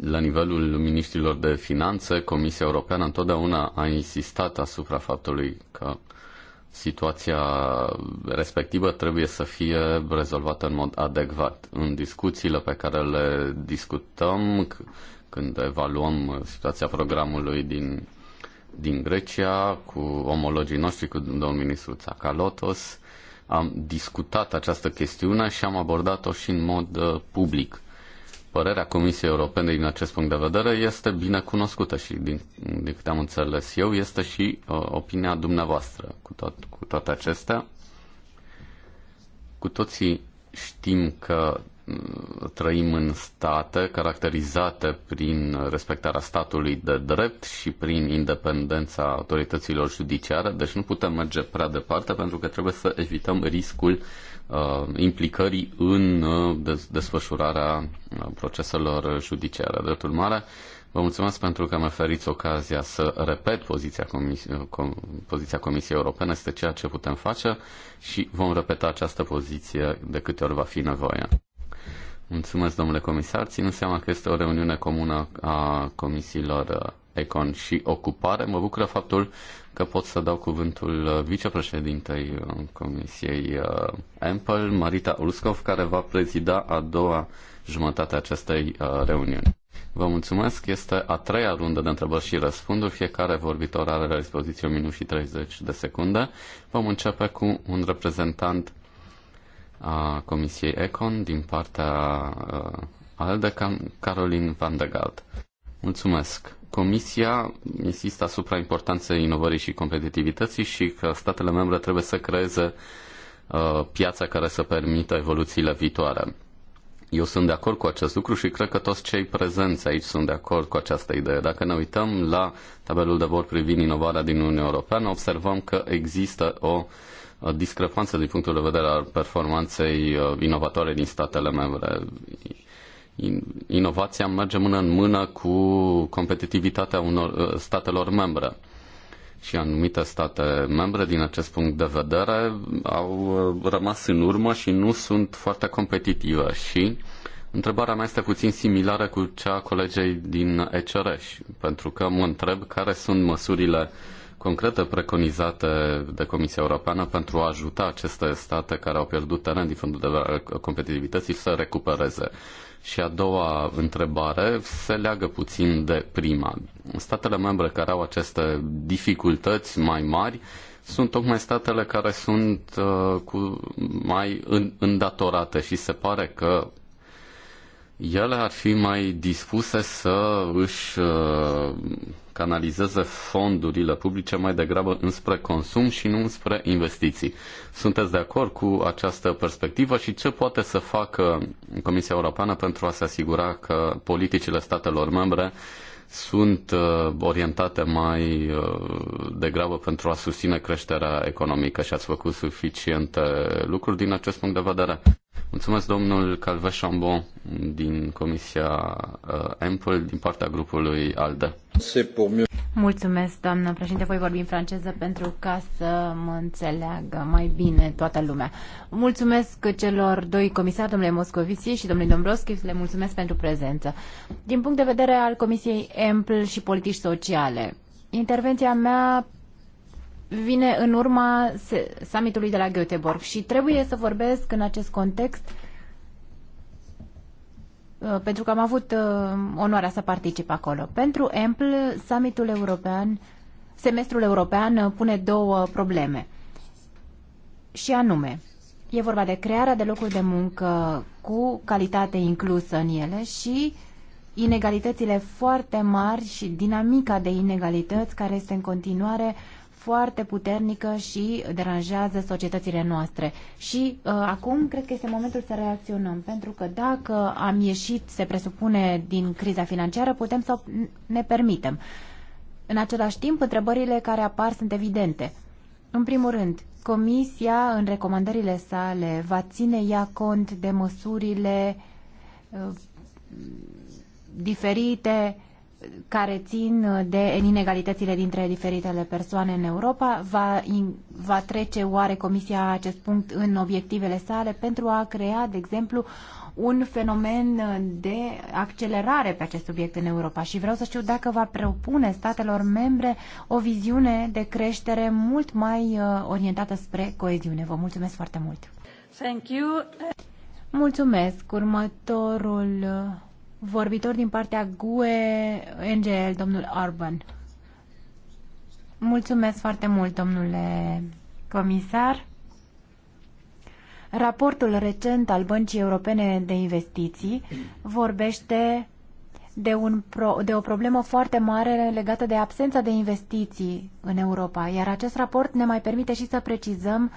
la nivelul ministrilor de finanțe, Comisia Europeană întotdeauna a insistat asupra faptului că uh, situația respectivă trebuie să fie rezolvată în mod adecvat. În discuțiile pe care le discutăm, când evaluăm situația programului din, din Grecia, cu omologii noștri, cu domnul ministru Tsakalotos, am discutat această chestiune și am abordat-o și în mod uh, public părerea Comisiei Europene din acest punct de vedere este bine cunoscută și, din, din câte am înțeles eu, este și uh, opinia dumneavoastră. Cu, tot, cu toate acestea, cu toții știm că uh, trăim în state caracterizate prin respectarea statului de drept și prin independența autorităților judiciare, deci nu putem merge prea departe pentru că trebuie să evităm riscul uh, Uh, implicării în uh, desfășurarea uh, proceselor judiciare. Dreptul mare. vă mulțumesc pentru că mi-a oferit ocazia să repet poziția, Comis- com- poziția Comisiei Europene, este ceea ce putem face și vom repeta această poziție de câte ori va fi nevoie. Mulțumesc, domnule comisar. Țin seama că este o reuniune comună a comisiilor Econ și Ocupare. Mă bucură faptul că pot să dau cuvântul uh, vicepreședintei uh, Comisiei uh, Ample, Marita Ulskov, care va prezida a doua jumătate a acestei reuniuni. Vă mulțumesc. Este a treia rundă de întrebări și răspunduri. Fiecare vorbitor are la dispoziție 1 minut și 30 de secunde. Vom începe cu un reprezentant a Comisiei Econ din partea ALDE, Carolin Van de Galt. Mulțumesc. Comisia insistă asupra importanței inovării și competitivității și că statele membre trebuie să creeze uh, piața care să permită evoluțiile viitoare. Eu sunt de acord cu acest lucru și cred că toți cei prezenți aici sunt de acord cu această idee. Dacă ne uităm la tabelul de bord privind inovarea din Uniunea Europeană, observăm că există o discrepanță din punctul de vedere al performanței uh, inovatoare din statele membre inovația merge mână în mână cu competitivitatea unor uh, statelor membre. Și anumite state membre, din acest punct de vedere, au uh, rămas în urmă și nu sunt foarte competitive. Și întrebarea mea este puțin similară cu cea a colegei din ECRS, pentru că mă întreb care sunt măsurile concrete preconizate de Comisia Europeană pentru a ajuta aceste state care au pierdut teren din fundul de competitivității să recupereze. Și a doua întrebare se leagă puțin de prima. Statele membre care au aceste dificultăți mai mari sunt tocmai statele care sunt uh, cu mai în, îndatorate și se pare că ele ar fi mai dispuse să își uh, canalizeze fondurile publice mai degrabă înspre consum și nu înspre investiții. Sunteți de acord cu această perspectivă și ce poate să facă Comisia Europeană pentru a se asigura că politicile statelor membre sunt uh, orientate mai uh, degrabă pentru a susține creșterea economică și ați făcut suficiente lucruri din acest punct de vedere? Mulțumesc, domnul Calve Chambon, din Comisia Empol, uh, din partea grupului ALDE. Mulțumesc, doamnă președinte. Voi vorbi în franceză pentru ca să mă înțeleagă mai bine toată lumea. Mulțumesc celor doi comisari, domnule Moscovici și domnule Dombrovski, le mulțumesc pentru prezență. Din punct de vedere al Comisiei Empl și Politici Sociale, intervenția mea vine în urma summitului de la Göteborg și trebuie să vorbesc în acest context uh, pentru că am avut uh, onoarea să particip acolo. Pentru EMPL, summitul european, semestrul european uh, pune două probleme. Și anume, e vorba de crearea de locuri de muncă cu calitate inclusă în ele și inegalitățile foarte mari și dinamica de inegalități care este în continuare uh, foarte puternică și deranjează societățile noastre. Și uh, acum cred că este momentul să reacționăm, pentru că dacă am ieșit, se presupune, din criza financiară, putem să ne permitem. În același timp, întrebările care apar sunt evidente. În primul rând, Comisia, în recomandările sale, va ține ea cont de măsurile uh, diferite uh, care țin uh, de inegalitățile dintre diferitele persoane în Europa. Va, in, va trece oare Comisia acest punct în obiectivele sale pentru a crea, de exemplu, un fenomen uh, de accelerare pe acest subiect în Europa și vreau să știu dacă va propune statelor membre o viziune de creștere mult mai uh, orientată spre coeziune. Vă mulțumesc foarte mult! Thank you. Mulțumesc! Următorul vorbitor din partea GUE NGL, domnul Orban. Mulțumesc foarte mult, domnule comisar. Raportul recent al Băncii Europene de Investiții vorbește de, un pro, de o problemă foarte mare legată de absența de investiții în Europa, iar acest raport ne mai permite și să precizăm uh,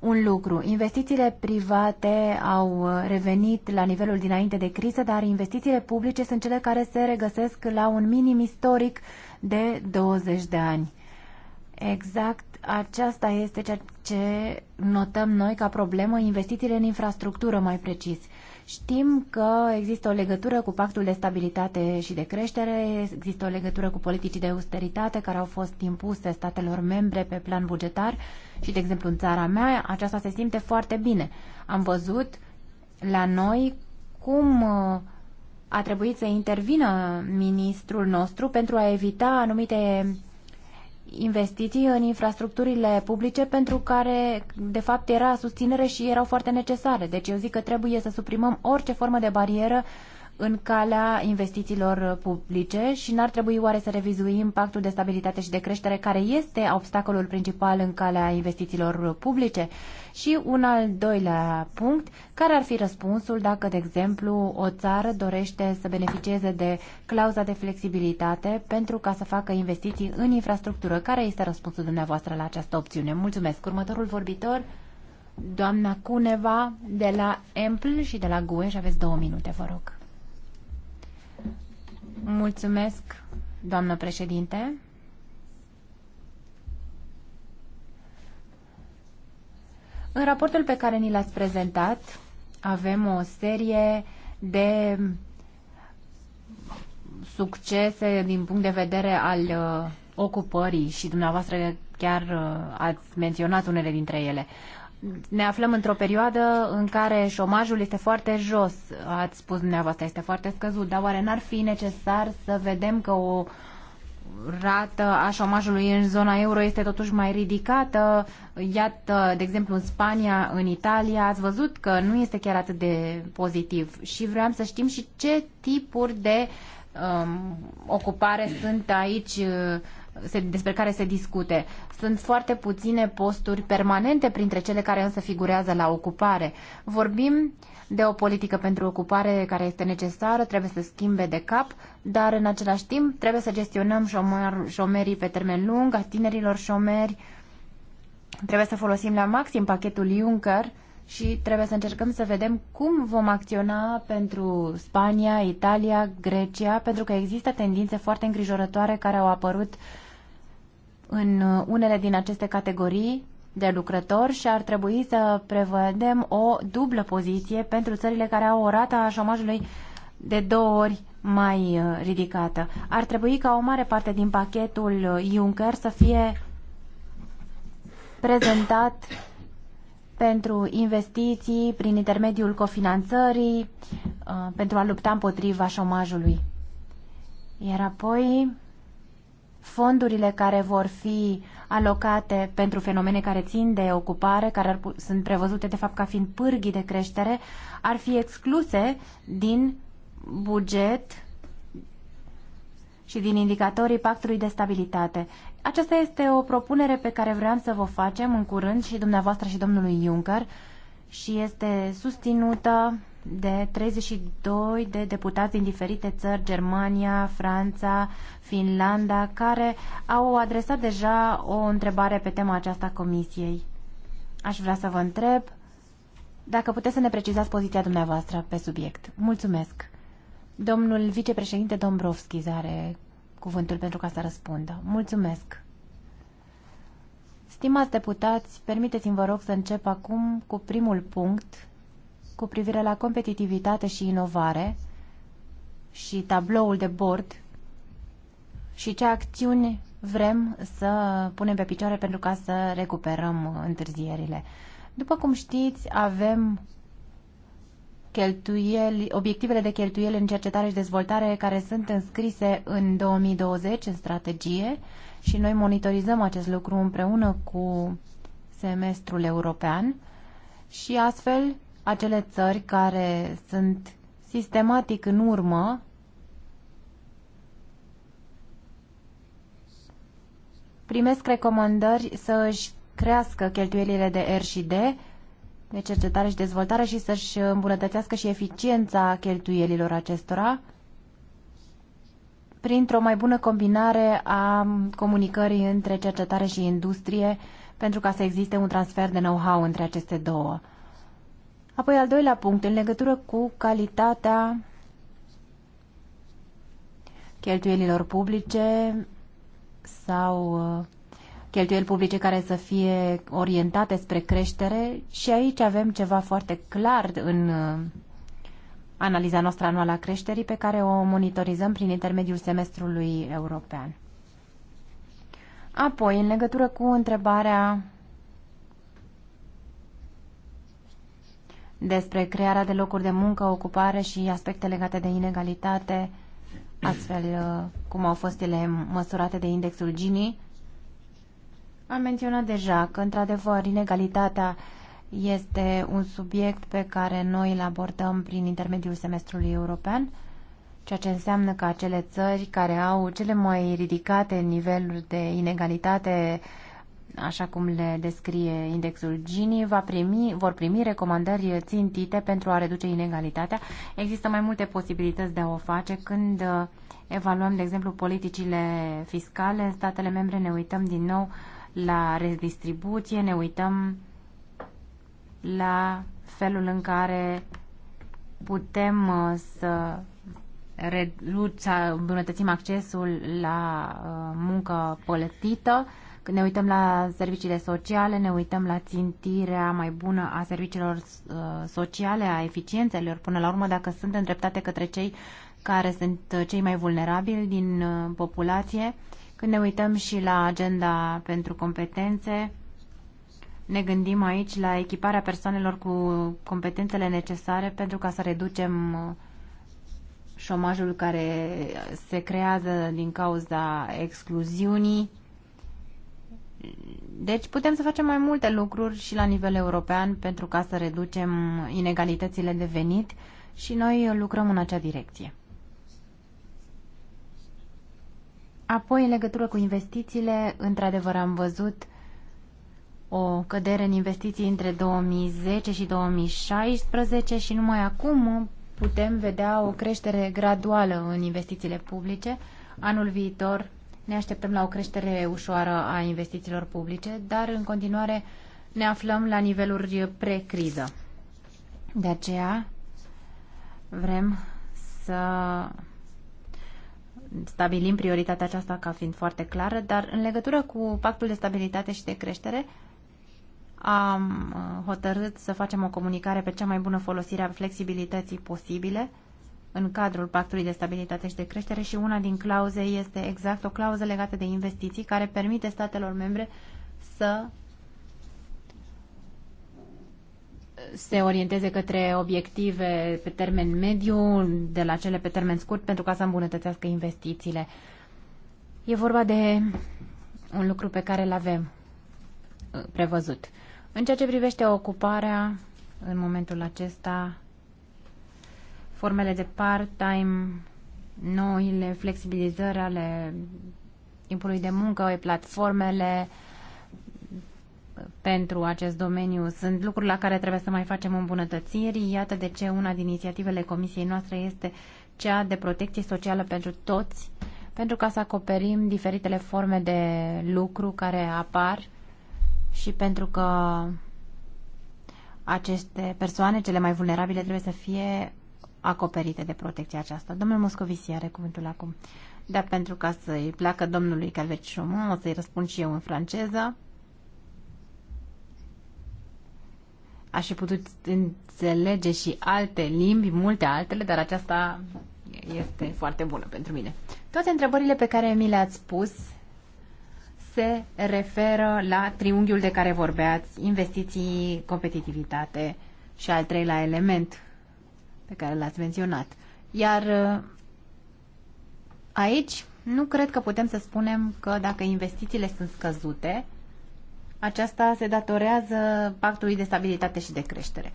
un lucru. Investițiile private au uh, revenit la nivelul dinainte de criză, dar investițiile publice sunt cele care se regăsesc la un minim istoric de 20 de ani. Exact aceasta este ceea ce notăm noi ca problemă, investițiile în infrastructură mai precis. Știm că există o legătură cu pactul de stabilitate și de creștere, există o legătură cu politicii de austeritate care au fost impuse statelor membre pe plan bugetar și, de exemplu, în țara mea, aceasta se simte foarte bine. Am văzut la noi cum uh, a trebuit să intervină ministrul nostru pentru a evita anumite investiții în infrastructurile publice pentru care, de fapt, era susținere și erau foarte necesare. Deci eu zic că trebuie să suprimăm orice formă de barieră în calea investițiilor publice și n-ar trebui oare să revizuim pactul de stabilitate și de creștere care este obstacolul principal în calea investițiilor publice? Și un al doilea punct, care ar fi răspunsul dacă, de exemplu, o țară dorește să beneficieze de clauza de flexibilitate pentru ca să facă investiții în infrastructură? Care este răspunsul dumneavoastră la această opțiune? Mulțumesc. Următorul vorbitor doamna Cuneva de la Empl și de la GUE și aveți două minute, vă rog. Mulțumesc, doamnă președinte. În raportul pe care ni l-ați prezentat avem o serie de succese din punct de vedere al uh, ocupării și dumneavoastră chiar uh, ați menționat unele dintre ele ne aflăm într-o perioadă în care șomajul este foarte jos, ați spus dumneavoastră, este foarte scăzut, dar oare n-ar fi necesar să vedem că o rată a șomajului în zona euro este totuși mai ridicată? Iată, de exemplu, în Spania, în Italia, ați văzut că nu este chiar atât de pozitiv și vreau să știm și ce tipuri de um, ocupare sunt aici uh, se, despre care se discute. Sunt foarte puține posturi permanente printre cele care însă figurează la ocupare. Vorbim de o politică pentru ocupare care este necesară, trebuie să schimbe de cap, dar în același timp trebuie să gestionăm șomer, șomerii pe termen lung, a tinerilor șomeri. Trebuie să folosim la maxim pachetul Juncker și trebuie să încercăm să vedem cum vom acționa pentru Spania, Italia, Grecia, pentru că există tendințe foarte îngrijorătoare care au apărut uh, în uh, unele din aceste categorii de lucrători și ar trebui să prevedem o dublă poziție pentru țările care au o rată a șomajului de două ori mai uh, ridicată. Ar trebui ca o mare parte din pachetul uh, Juncker să fie prezentat pentru investiții prin intermediul cofinanțării pentru a lupta împotriva șomajului. Iar apoi fondurile care vor fi alocate pentru fenomene care țin de ocupare, care ar, sunt prevăzute de fapt ca fiind pârghii de creștere, ar fi excluse din buget și din indicatorii pactului de stabilitate. Aceasta este o propunere pe care vreau să vă facem în curând și dumneavoastră și domnului Juncker și este susținută de 32 de deputați din diferite țări, Germania, Franța, Finlanda, care au adresat deja o întrebare pe tema aceasta comisiei. Aș vrea să vă întreb dacă puteți să ne precizați poziția dumneavoastră pe subiect. Mulțumesc. Domnul vicepreședinte Dombrovski are cuvântul pentru ca să răspundă. Mulțumesc. Stimați deputați, permiteți-mi vă rog să încep acum cu primul punct cu privire la competitivitate și inovare și tabloul de bord și ce acțiuni vrem să punem pe picioare pentru ca să recuperăm întârzierile. După cum știți, avem cheltuieli, obiectivele de cheltuieli în cercetare și dezvoltare care sunt înscrise în 2020 în strategie și noi monitorizăm acest lucru împreună cu semestrul european și astfel acele țări care sunt sistematic în urmă primesc recomandări să își crească cheltuielile de R și D, de cercetare și dezvoltare și să-și îmbunătățească și eficiența cheltuielilor acestora printr-o mai bună combinare a comunicării între cercetare și industrie pentru ca să existe un transfer de know-how între aceste două. Apoi, al doilea punct, în legătură cu calitatea cheltuielilor publice sau uh, cheltuieli publice care să fie orientate spre creștere și aici avem ceva foarte clar în uh, analiza noastră anuală a creșterii pe care o monitorizăm prin intermediul semestrului european. Apoi, în legătură cu întrebarea despre crearea de locuri de muncă, ocupare și aspecte legate de inegalitate, astfel uh, cum au fost ele măsurate de indexul Gini. Am menționat deja că, într-adevăr, inegalitatea este un subiect pe care noi îl abordăm prin intermediul semestrului european, ceea ce înseamnă că acele țări care au cele mai ridicate niveluri de inegalitate așa cum le descrie indexul Gini, va primi, vor primi recomandări țintite pentru a reduce inegalitatea. Există mai multe posibilități de a o face când uh, evaluăm, de exemplu, politicile fiscale în statele membre, ne uităm din nou la redistribuție, ne uităm la felul în care putem uh, să reduce, să îmbunătățim accesul la uh, muncă plătită când ne uităm la serviciile sociale, ne uităm la țintirea mai bună a serviciilor uh, sociale, a eficiențelor, până la urmă, dacă sunt îndreptate către cei care sunt uh, cei mai vulnerabili din uh, populație. Când ne uităm și la agenda pentru competențe, ne gândim aici la echiparea persoanelor cu competențele necesare pentru ca să reducem șomajul care se creează din cauza excluziunii deci putem să facem mai multe lucruri și la nivel european pentru ca să reducem inegalitățile de venit și noi lucrăm în acea direcție. Apoi, în legătură cu investițiile, într-adevăr am văzut o cădere în investiții între 2010 și 2016 și numai acum putem vedea o creștere graduală în investițiile publice. Anul viitor ne așteptăm la o creștere ușoară a investițiilor publice, dar în continuare ne aflăm la niveluri pre-criză. De aceea vrem să stabilim prioritatea aceasta ca fiind foarte clară, dar în legătură cu pactul de stabilitate și de creștere, am uh, hotărât să facem o comunicare pe cea mai bună folosire a flexibilității posibile în cadrul Pactului de Stabilitate și de Creștere și una din clauze este exact o clauză legată de investiții care permite statelor membre să se orienteze către obiective pe termen mediu de la cele pe termen scurt pentru ca să îmbunătățească investițiile. E vorba de un lucru pe care îl avem uh, prevăzut. În ceea ce privește ocuparea, în momentul acesta formele de part-time, noile flexibilizări ale timpului de muncă, platformele pentru acest domeniu sunt lucruri la care trebuie să mai facem îmbunătățiri. Iată de ce una din inițiativele comisiei noastre este cea de protecție socială pentru toți, pentru ca să acoperim diferitele forme de lucru care apar și pentru că aceste persoane cele mai vulnerabile trebuie să fie acoperite de protecția aceasta. Domnul Moscovici are cuvântul acum. Dar pentru ca să-i placă domnului Calvecium, o să-i răspund și eu în franceză. Aș fi putut înțelege și alte limbi, multe altele, dar aceasta este foarte bună pentru mine. Toate întrebările pe care mi le-ați pus se referă la triunghiul de care vorbeați, investiții, competitivitate și al treilea element, pe care l-ați menționat. Iar uh, aici nu cred că putem să spunem că dacă investițiile sunt scăzute, aceasta se datorează pactului de stabilitate și de creștere.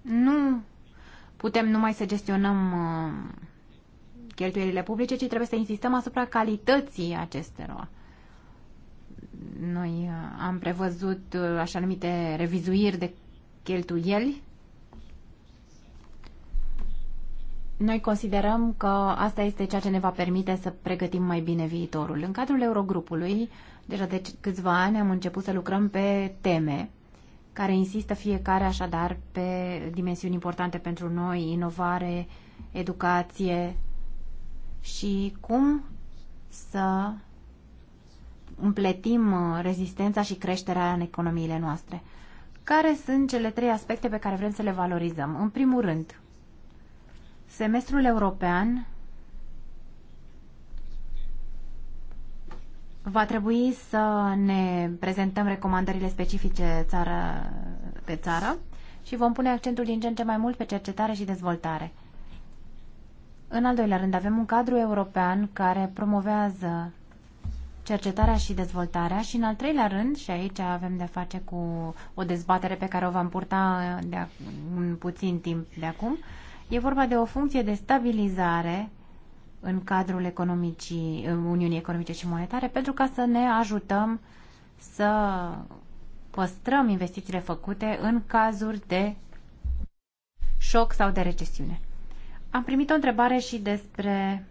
Nu putem numai să gestionăm uh, cheltuielile publice, ci trebuie să insistăm asupra calității acestora. Noi uh, am prevăzut uh, așa numite revizuiri de cheltuieli. Noi considerăm că asta este ceea ce ne va permite să pregătim mai bine viitorul. În cadrul Eurogrupului, deja de câțiva ani am început să lucrăm pe teme care insistă fiecare așadar pe dimensiuni importante pentru noi, inovare, educație și cum să împletim uh, rezistența și creșterea în economiile noastre. Care sunt cele trei aspecte pe care vrem să le valorizăm? În primul rând, semestrul european va trebui să ne prezentăm recomandările specifice țară pe țară și vom pune accentul din ce în ce mai mult pe cercetare și dezvoltare. În al doilea rând, avem un cadru european care promovează cercetarea și dezvoltarea și, în al treilea rând, și aici avem de-a face cu o dezbatere pe care o vom purta de un puțin timp de acum, e vorba de o funcție de stabilizare în cadrul economicii, Uniunii Economice și Monetare pentru ca să ne ajutăm să păstrăm investițiile făcute în cazuri de șoc sau de recesiune. Am primit o întrebare și despre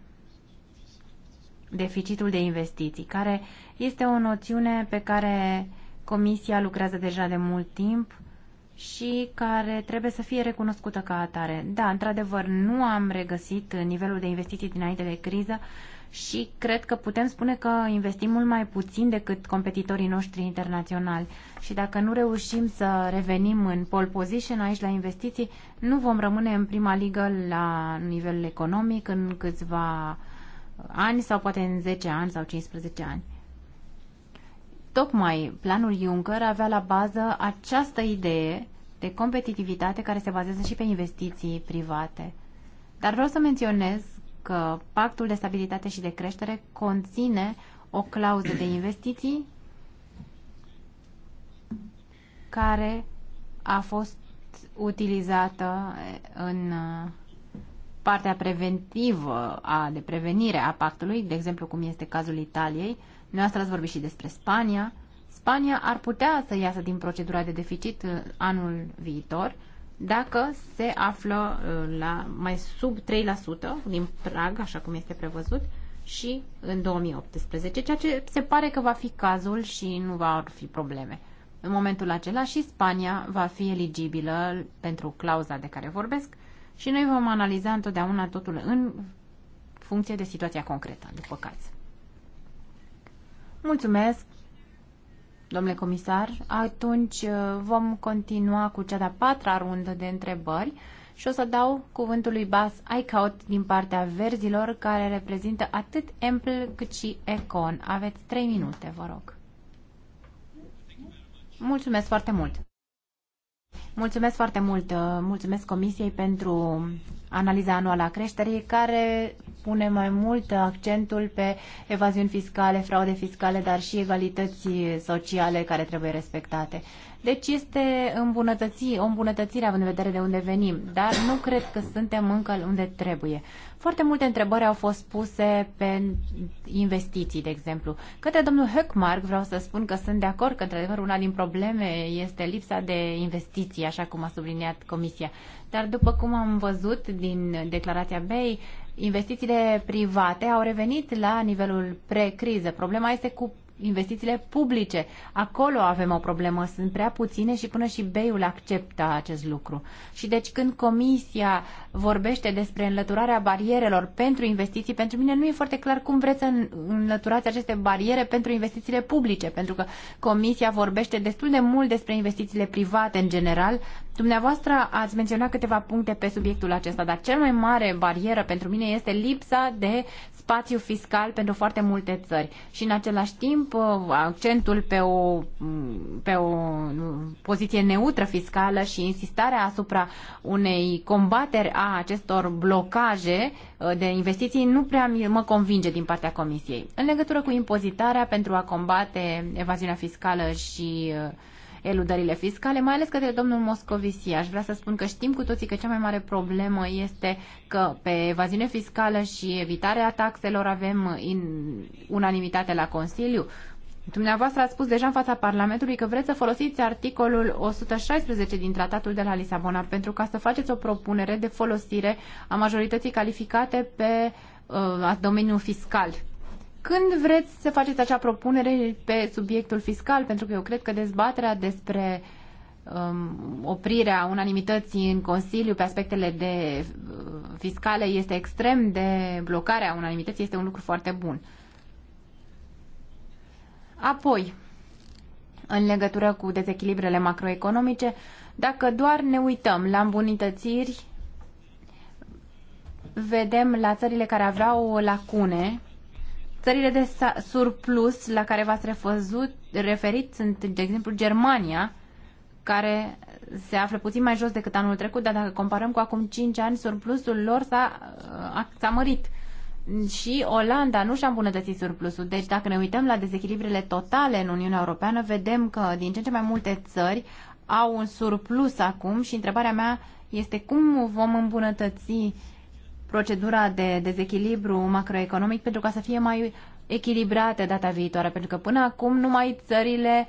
deficitul de investiții, care este o noțiune pe care Comisia lucrează deja de mult timp și care trebuie să fie recunoscută ca atare. Da, într-adevăr, nu am regăsit nivelul de investiții dinainte de criză și cred că putem spune că investim mult mai puțin decât competitorii noștri internaționali. Și dacă nu reușim să revenim în pole position aici la investiții, nu vom rămâne în prima ligă la nivel economic în câțiva ani sau poate în 10 ani sau 15 ani. Tocmai planul Juncker avea la bază această idee de competitivitate care se bazează și pe investiții private. Dar vreau să menționez că pactul de stabilitate și de creștere conține o clauză de investiții care a fost utilizată în partea preventivă, a, de prevenire a pactului, de exemplu cum este cazul Italiei, noastră ați vorbit și despre Spania, Spania ar putea să iasă din procedura de deficit uh, anul viitor dacă se află uh, la mai sub 3% din prag, așa cum este prevăzut, și în 2018, ceea ce se pare că va fi cazul și nu va fi probleme. În momentul acela și Spania va fi eligibilă pentru clauza de care vorbesc și noi vom analiza întotdeauna totul în funcție de situația concretă, după caz. Mulțumesc, domnule comisar. Atunci uh, vom continua cu cea de-a patra rundă de întrebări și o să dau cuvântul lui Bas Aicaut din partea verzilor, care reprezintă atât Empl cât și Econ. Aveți trei minute, vă rog. Mulțumesc foarte mult! Mulțumesc foarte mult. Mulțumesc Comisiei pentru analiza anuală a creșterii, care pune mai mult accentul pe evaziuni fiscale, fraude fiscale, dar și egalități sociale care trebuie respectate. Deci este îmbunătăți, o îmbunătățire având în vedere de unde venim, dar nu cred că suntem încă unde trebuie. Foarte multe întrebări au fost puse pe investiții, de exemplu. Către domnul Höckmark vreau să spun că sunt de acord că, într-adevăr, una din probleme este lipsa de investiții, așa cum a subliniat Comisia. Dar, după cum am văzut din declarația BEI, investițiile private au revenit la nivelul pre-criză. Problema este cu investițiile publice. Acolo avem o problemă, sunt prea puține și până și Beiul acceptă acest lucru. Și deci când Comisia vorbește despre înlăturarea barierelor pentru investiții, pentru mine nu e foarte clar cum vreți să înlăturați aceste bariere pentru investițiile publice, pentru că Comisia vorbește destul de mult despre investițiile private în general. Dumneavoastră ați menționat câteva puncte pe subiectul acesta, dar cel mai mare barieră pentru mine este lipsa de spațiu fiscal pentru foarte multe țări și în același timp uh, accentul pe o, mm, pe o poziție neutră fiscală și insistarea asupra unei combateri a acestor blocaje uh, de investiții nu prea mă convinge din partea Comisiei. În legătură cu impozitarea pentru a combate evaziunea fiscală și uh, eludările fiscale, mai ales către domnul Moscovici. Aș vrea să spun că știm cu toții că cea mai mare problemă este că pe evaziune fiscală și evitarea taxelor avem in unanimitate la Consiliu. Dumneavoastră ați spus deja în fața Parlamentului că vreți să folosiți articolul 116 din Tratatul de la Lisabona pentru ca să faceți o propunere de folosire a majorității calificate pe uh, domeniul fiscal când vreți să faceți acea propunere pe subiectul fiscal? Pentru că eu cred că dezbaterea despre um, oprirea unanimității în Consiliu pe aspectele de uh, fiscale este extrem de blocarea unanimității, este un lucru foarte bun. Apoi, în legătură cu dezechilibrele macroeconomice, dacă doar ne uităm la îmbunătățiri, vedem la țările care aveau lacune Țările de surplus la care v-ați referit sunt, de exemplu, Germania, care se află puțin mai jos decât anul trecut, dar dacă comparăm cu acum 5 ani, surplusul lor uh, s-a mărit. Și Olanda nu și-a îmbunătățit surplusul. Deci dacă ne uităm la dezechilibrele totale în Uniunea Europeană, vedem că din ce în ce mai multe țări au un surplus acum și întrebarea mea este cum vom îmbunătăți uh, procedura de dezechilibru macroeconomic pentru ca să fie mai echilibrate data viitoare, pentru că până acum numai țările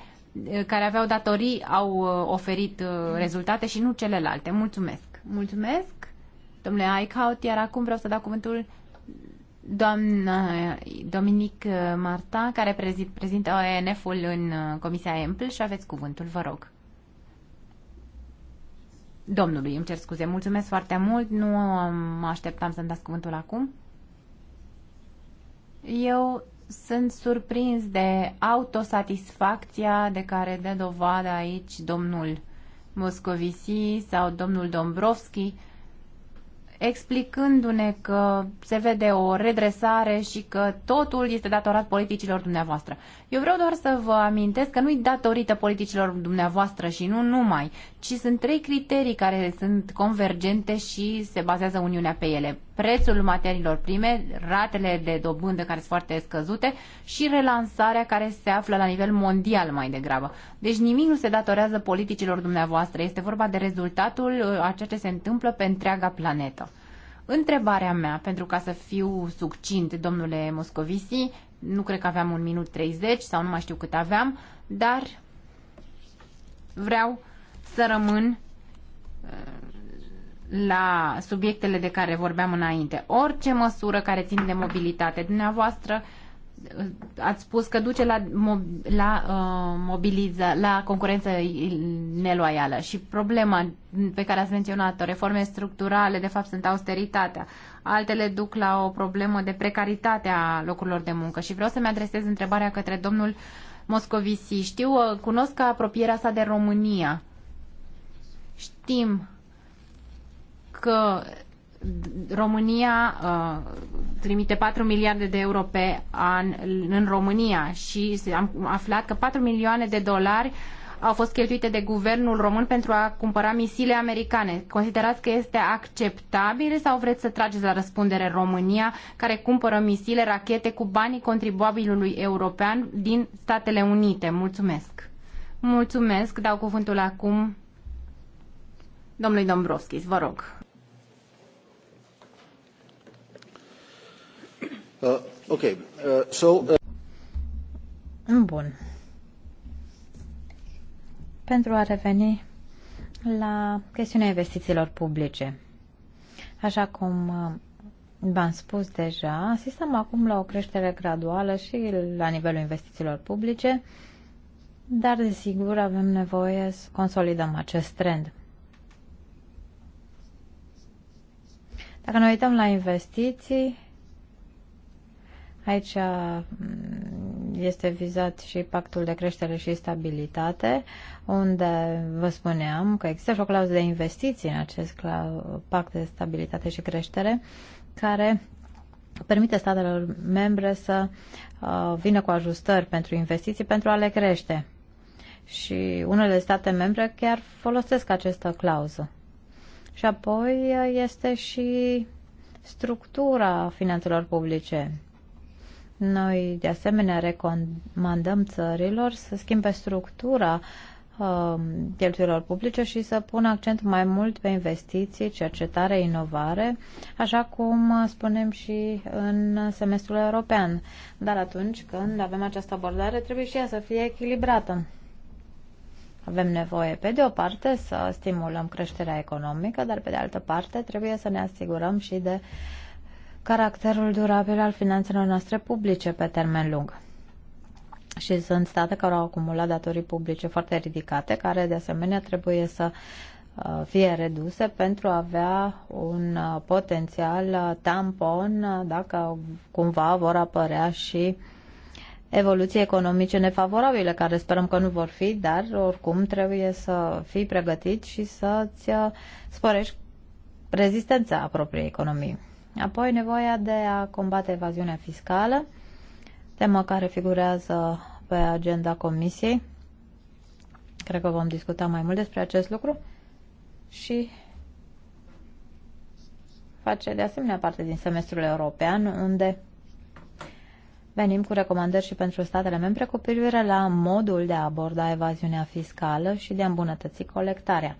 eh, care aveau datorii au eh, oferit eh, rezultate și nu celelalte. Mulțumesc! Mulțumesc, domnule Aicaut, iar acum vreau să dau cuvântul doamna Dominic Marta, care prezintă ONF-ul în Comisia Empl și aveți cuvântul, vă rog. Domnului, îmi cer scuze. Mulțumesc foarte mult. Nu mă așteptam să-mi dați cuvântul acum. Eu sunt surprins de autosatisfacția de care dă dovadă aici domnul Moscovici sau domnul Dombrovski explicându-ne că se vede o redresare și că totul este datorat politicilor dumneavoastră. Eu vreau doar să vă amintesc că nu-i datorită politicilor dumneavoastră și nu numai, ci sunt trei criterii care sunt convergente și se bazează Uniunea pe ele prețul materiilor prime, ratele de dobândă care sunt foarte scăzute și relansarea care se află la nivel mondial mai degrabă. Deci nimic nu se datorează politicilor dumneavoastră, este vorba de rezultatul uh, a ceea ce se întâmplă pe întreaga planetă. Întrebarea mea, pentru ca să fiu succint, domnule Moscovici, nu cred că aveam un minut 30 sau nu mai știu cât aveam, dar vreau să rămân uh, la subiectele de care vorbeam înainte. Orice măsură care țin de mobilitate, dumneavoastră uh, ați spus că duce la, la, uh, mobiliza, la concurență neloială și problema pe care ați menționat-o, reforme structurale, de fapt sunt austeritatea. Altele duc la o problemă de precaritate a locurilor de muncă și vreau să-mi adresez întrebarea către domnul Moscovici. Știu, uh, cunosc apropierea sa de România. Știm că România uh, trimite 4 miliarde de euro pe an în România și am aflat că 4 milioane de dolari au fost cheltuite de guvernul român pentru a cumpăra misile americane. Considerați că este acceptabil sau vreți să trageți la răspundere România care cumpără misile, rachete cu banii contribuabilului european din Statele Unite? Mulțumesc! Mulțumesc! Dau cuvântul acum domnului Dombrovskis, vă rog. Uh, ok. Uh, so, uh... Bun. Pentru a reveni la chestiunea investițiilor publice. Așa cum uh, v-am spus deja, asistăm acum la o creștere graduală și la nivelul investițiilor publice, dar desigur avem nevoie să consolidăm acest trend. Dacă ne uităm la investiții, Aici uh, este vizat și pactul de creștere și stabilitate, unde vă spuneam că există și o clauză de investiții în acest pact de stabilitate și creștere, care permite statelor membre să uh, vină cu ajustări pentru investiții pentru a le crește. Și unele state membre chiar folosesc această clauză. Și apoi uh, este și structura finanțelor publice. Noi, de asemenea, recomandăm țărilor să schimbe structura um, cheltuielor publice și să pună accent mai mult pe investiții, cercetare, inovare, așa cum spunem și în semestrul european. Dar atunci când avem această abordare, trebuie și ea să fie echilibrată. Avem nevoie, pe de o parte, să stimulăm creșterea economică, dar pe de altă parte trebuie să ne asigurăm și de uh, caracterul durabil al finanțelor noastre publice pe termen lung. Și sunt state care au acumulat datorii publice foarte ridicate, care de asemenea trebuie să uh, fie reduse pentru a avea un uh, potențial uh, tampon dacă cumva vor apărea și evoluții economice nefavorabile, care sperăm că nu vor fi, dar oricum trebuie să fii pregătit și să-ți sporești rezistența a propriei economii. Apoi nevoia de a combate evaziunea fiscală, tema care figurează pe agenda Comisiei. Cred că vom discuta mai mult despre acest lucru și face de asemenea parte din semestrul european, unde venim cu recomandări și pentru statele membre cu privire la modul de a aborda evaziunea fiscală și de a îmbunătăți colectarea.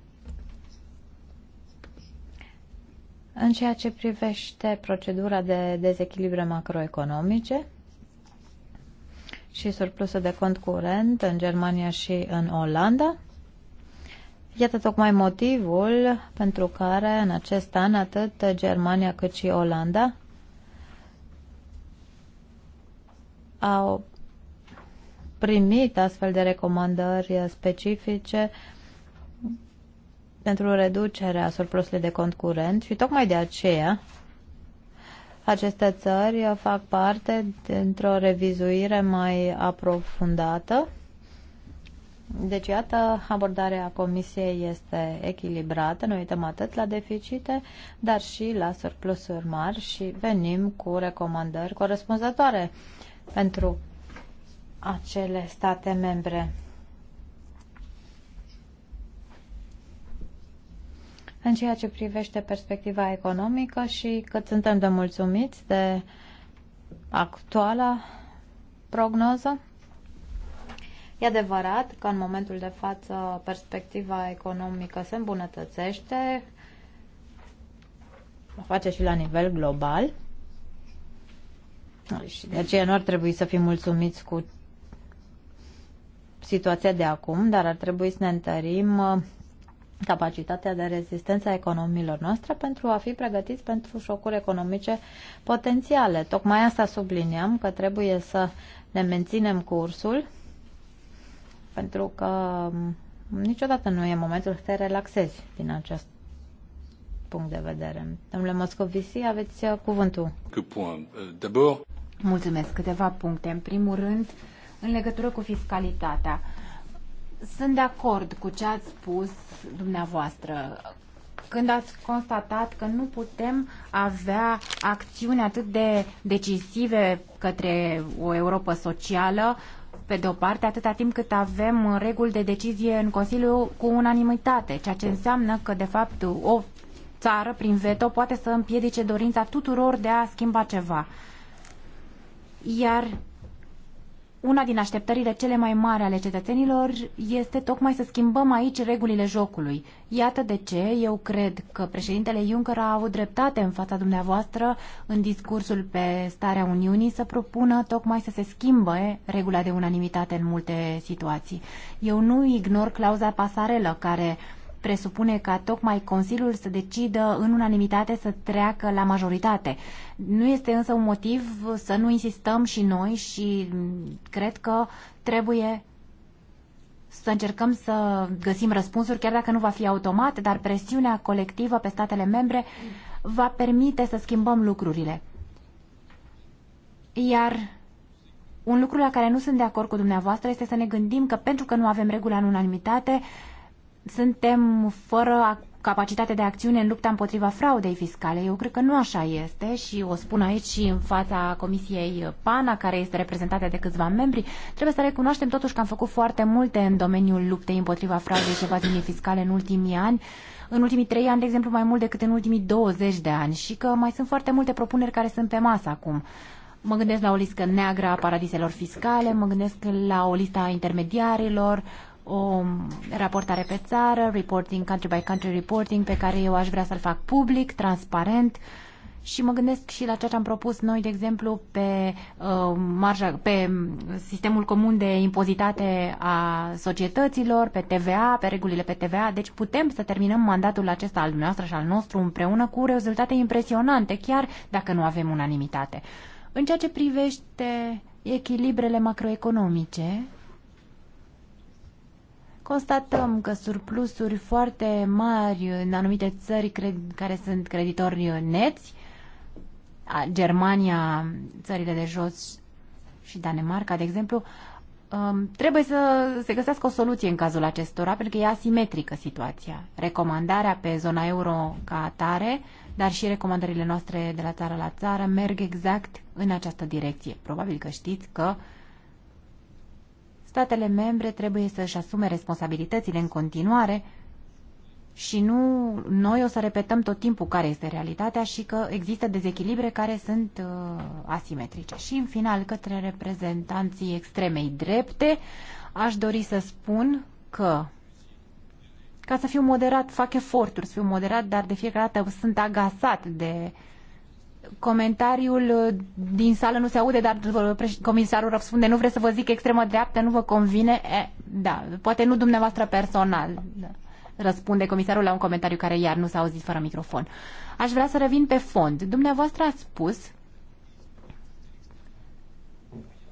În ceea ce privește procedura de dezechilibre macroeconomice și surplusul de cont curent în Germania și în Olanda, Iată tocmai motivul pentru care în acest an atât Germania cât și Olanda au primit astfel de recomandări specifice pentru reducerea surplusului de cont curent și tocmai de aceea aceste țări fac parte dintr-o revizuire mai aprofundată. Deci, iată, abordarea Comisiei este echilibrată, noi uităm atât la deficite, dar și la surplusuri mari și venim cu recomandări corespunzătoare pentru acele state membre. în ceea ce privește perspectiva economică și cât suntem de mulțumiți de actuala prognoză. E adevărat că în momentul de față perspectiva economică se îmbunătățește, o face și la nivel global și de aceea nu ar trebui să fim mulțumiți cu situația de acum, dar ar trebui să ne întărim capacitatea de rezistență a economiilor noastre pentru a fi pregătiți pentru șocuri economice potențiale. Tocmai asta subliniam că trebuie să ne menținem cursul pentru că niciodată nu e momentul să te relaxezi din acest punct de vedere. Domnule Moscovici, aveți uh, cuvântul. Uh, Mulțumesc. Câteva puncte. În primul rând, în legătură cu fiscalitatea. Sunt de acord cu ce ați spus dumneavoastră când ați constatat că nu putem avea acțiuni atât de decisive către o Europa socială, pe de o parte, atâta timp cât avem reguli de decizie în Consiliu cu unanimitate, ceea ce înseamnă că, de fapt, o țară prin veto poate să împiedice dorința tuturor de a schimba ceva. Iar una din așteptările cele mai mari ale cetățenilor este tocmai să schimbăm aici regulile jocului. Iată de ce eu cred că președintele Juncker a avut dreptate în fața dumneavoastră în discursul pe starea Uniunii să propună tocmai să se schimbe regula de unanimitate în multe situații. Eu nu ignor clauza pasarelă care uh, presupune ca tocmai Consiliul să decidă în unanimitate să treacă la majoritate. Nu este însă un motiv să nu insistăm și noi și cred că trebuie să încercăm să găsim răspunsuri, chiar dacă nu va fi automat, dar presiunea colectivă pe statele membre va permite să schimbăm lucrurile. Iar un lucru la care nu sunt de acord cu dumneavoastră este să ne gândim că pentru că nu avem regula în unanimitate, suntem fără capacitate de acțiune în lupta împotriva fraudei fiscale. Eu cred că nu așa este și o spun aici și în fața Comisiei PANA, care este reprezentată de câțiva membri. Trebuie să recunoaștem totuși că am făcut foarte multe în domeniul luptei împotriva fraudei și evaziunii fiscale în ultimii ani în ultimii trei ani, de exemplu, mai mult decât în ultimii 20 de ani și că mai sunt foarte multe propuneri care sunt pe masă acum. Mă gândesc la o listă neagră a paradiselor fiscale, mă gândesc la o listă a intermediarilor, o raportare pe țară, reporting country by country reporting, pe care eu aș vrea să-l fac public, transparent și mă gândesc și la ceea ce am propus noi, de exemplu, pe, uh, marja, pe sistemul comun de impozitate a societăților, pe TVA, pe regulile pe TVA. Deci putem să terminăm mandatul acesta al dumneavoastră și al nostru împreună cu rezultate impresionante, chiar dacă nu avem unanimitate. În ceea ce privește echilibrele macroeconomice, Constatăm că surplusuri foarte mari în anumite țări cred, care sunt creditori neți, Germania, țările de jos și Danemarca, de exemplu, um, trebuie să se găsească o soluție în cazul acestora, pentru că e asimetrică situația. Recomandarea pe zona euro ca atare, dar și recomandările noastre de la țară la țară merg exact în această direcție. Probabil că știți că uh, statele membre trebuie să-și asume responsabilitățile în continuare și nu noi o să repetăm tot timpul care este realitatea și că există dezechilibre care sunt uh, asimetrice. Și în final, către reprezentanții extremei drepte, aș dori să spun că ca să fiu moderat, fac eforturi să fiu moderat, dar de fiecare dată sunt agasat de uh, Comentariul uh, din sală nu se aude, dar comisarul răspunde, nu vreți să vă zic extremă dreaptă, nu vă convine? E, da, poate nu dumneavoastră personal, da, răspunde comisarul la un comentariu care iar nu s-a auzit fără microfon. Aș vrea să revin pe fond. Dumneavoastră ați spus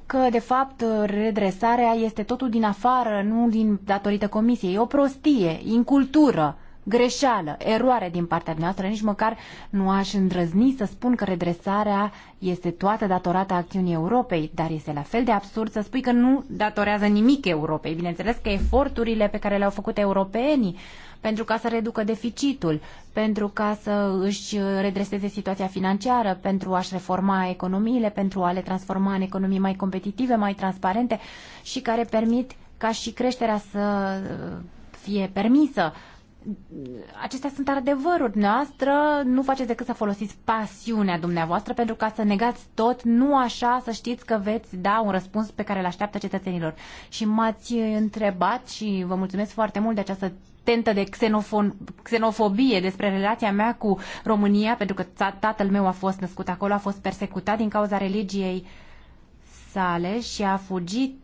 că, de fapt, redresarea este totul din afară, nu din datorită comisiei. E o prostie, incultură greșeală, eroare din partea noastră, nici măcar nu aș îndrăzni să spun că redresarea este toată datorată acțiunii Europei, dar este la fel de absurd să spui că nu datorează nimic Europei. Bineînțeles că eforturile pe care le-au făcut europenii pentru ca să reducă deficitul, pentru ca să își redreseze situația financiară, pentru a-și reforma economiile, pentru a le transforma în economii mai competitive, mai transparente și care permit ca și creșterea să fie permisă acestea sunt adevăruri noastră, nu faceți decât să folosiți pasiunea dumneavoastră pentru ca să negați tot, nu așa să știți că veți da un răspuns pe care îl așteaptă cetățenilor. Și m-ați întrebat și vă mulțumesc foarte mult de această tentă de xenofon, xenofobie despre relația mea cu România, pentru că tatăl meu a fost născut acolo, a fost persecutat din cauza religiei sale și a fugit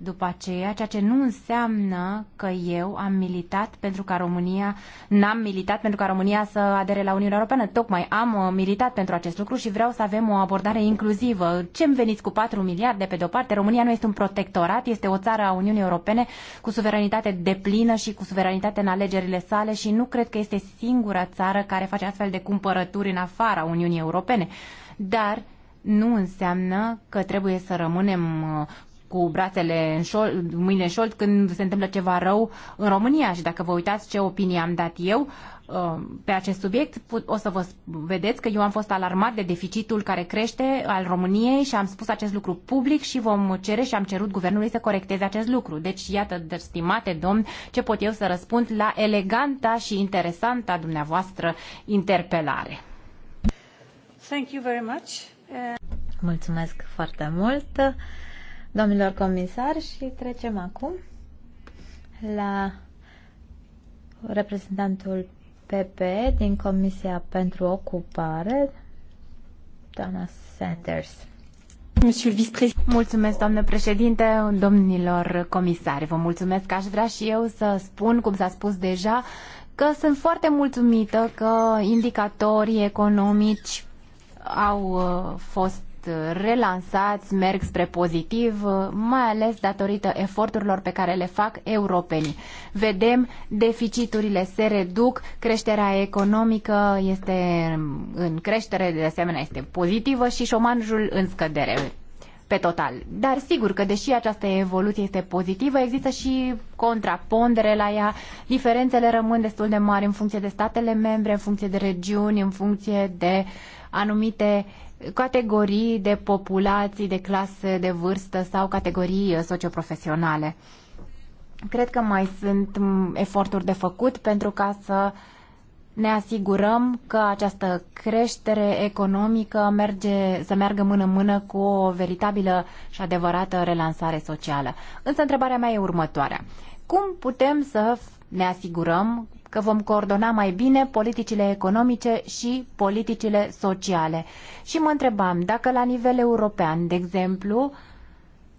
după aceea, ceea ce nu înseamnă că eu am militat pentru ca România, n-am militat pentru ca România să adere la Uniunea Europeană. Tocmai am uh, militat pentru acest lucru și vreau să avem o abordare inclusivă. Ce-mi veniți cu 4 miliarde pe de-o parte? România nu este un protectorat, este o țară a Uniunii Europene cu suveranitate deplină și cu suveranitate în alegerile sale și nu cred că este singura țară care face astfel de cumpărături în afara Uniunii Europene. Dar nu înseamnă că trebuie să rămânem uh, cu brațele în șold, mâine în șold când se întâmplă ceva rău în România și dacă vă uitați ce opinie am dat eu uh, pe acest subiect, o să vă vedeți că eu am fost alarmat de deficitul care crește al României și am spus acest lucru public și vom cere și am cerut guvernului să corecteze acest lucru. Deci, iată, stimate domn, ce pot eu să răspund la eleganta și interesanta dumneavoastră interpelare. Thank you very much. Mulțumesc foarte mult domnilor comisari și trecem acum la reprezentantul PP din Comisia pentru Ocupare, doamna Sanders. Mulțumesc, doamnă președinte, domnilor comisari. Vă mulțumesc. Aș vrea și eu să spun, cum s-a spus deja, că sunt foarte mulțumită că indicatorii economici au uh, fost relansați, merg spre pozitiv, mai ales datorită eforturilor pe care le fac europenii. Vedem, deficiturile se reduc, creșterea economică este în creștere, de asemenea este pozitivă și șomanjul în scădere pe total. Dar sigur că deși această evoluție este pozitivă, există și contrapondere la ea. Diferențele rămân destul de mari în funcție de statele membre, în funcție de regiuni, în funcție de anumite uh, categorii de populații, de clase de vârstă sau categorii uh, socioprofesionale. Cred că mai sunt mm, eforturi de făcut pentru ca să ne asigurăm că această creștere economică merge, să meargă mână-mână cu o veritabilă și adevărată relansare socială. Însă întrebarea mea e următoarea. Cum putem să ne asigurăm că vom coordona mai bine politicile economice și politicile sociale. Și mă întrebam dacă la nivel european, de exemplu,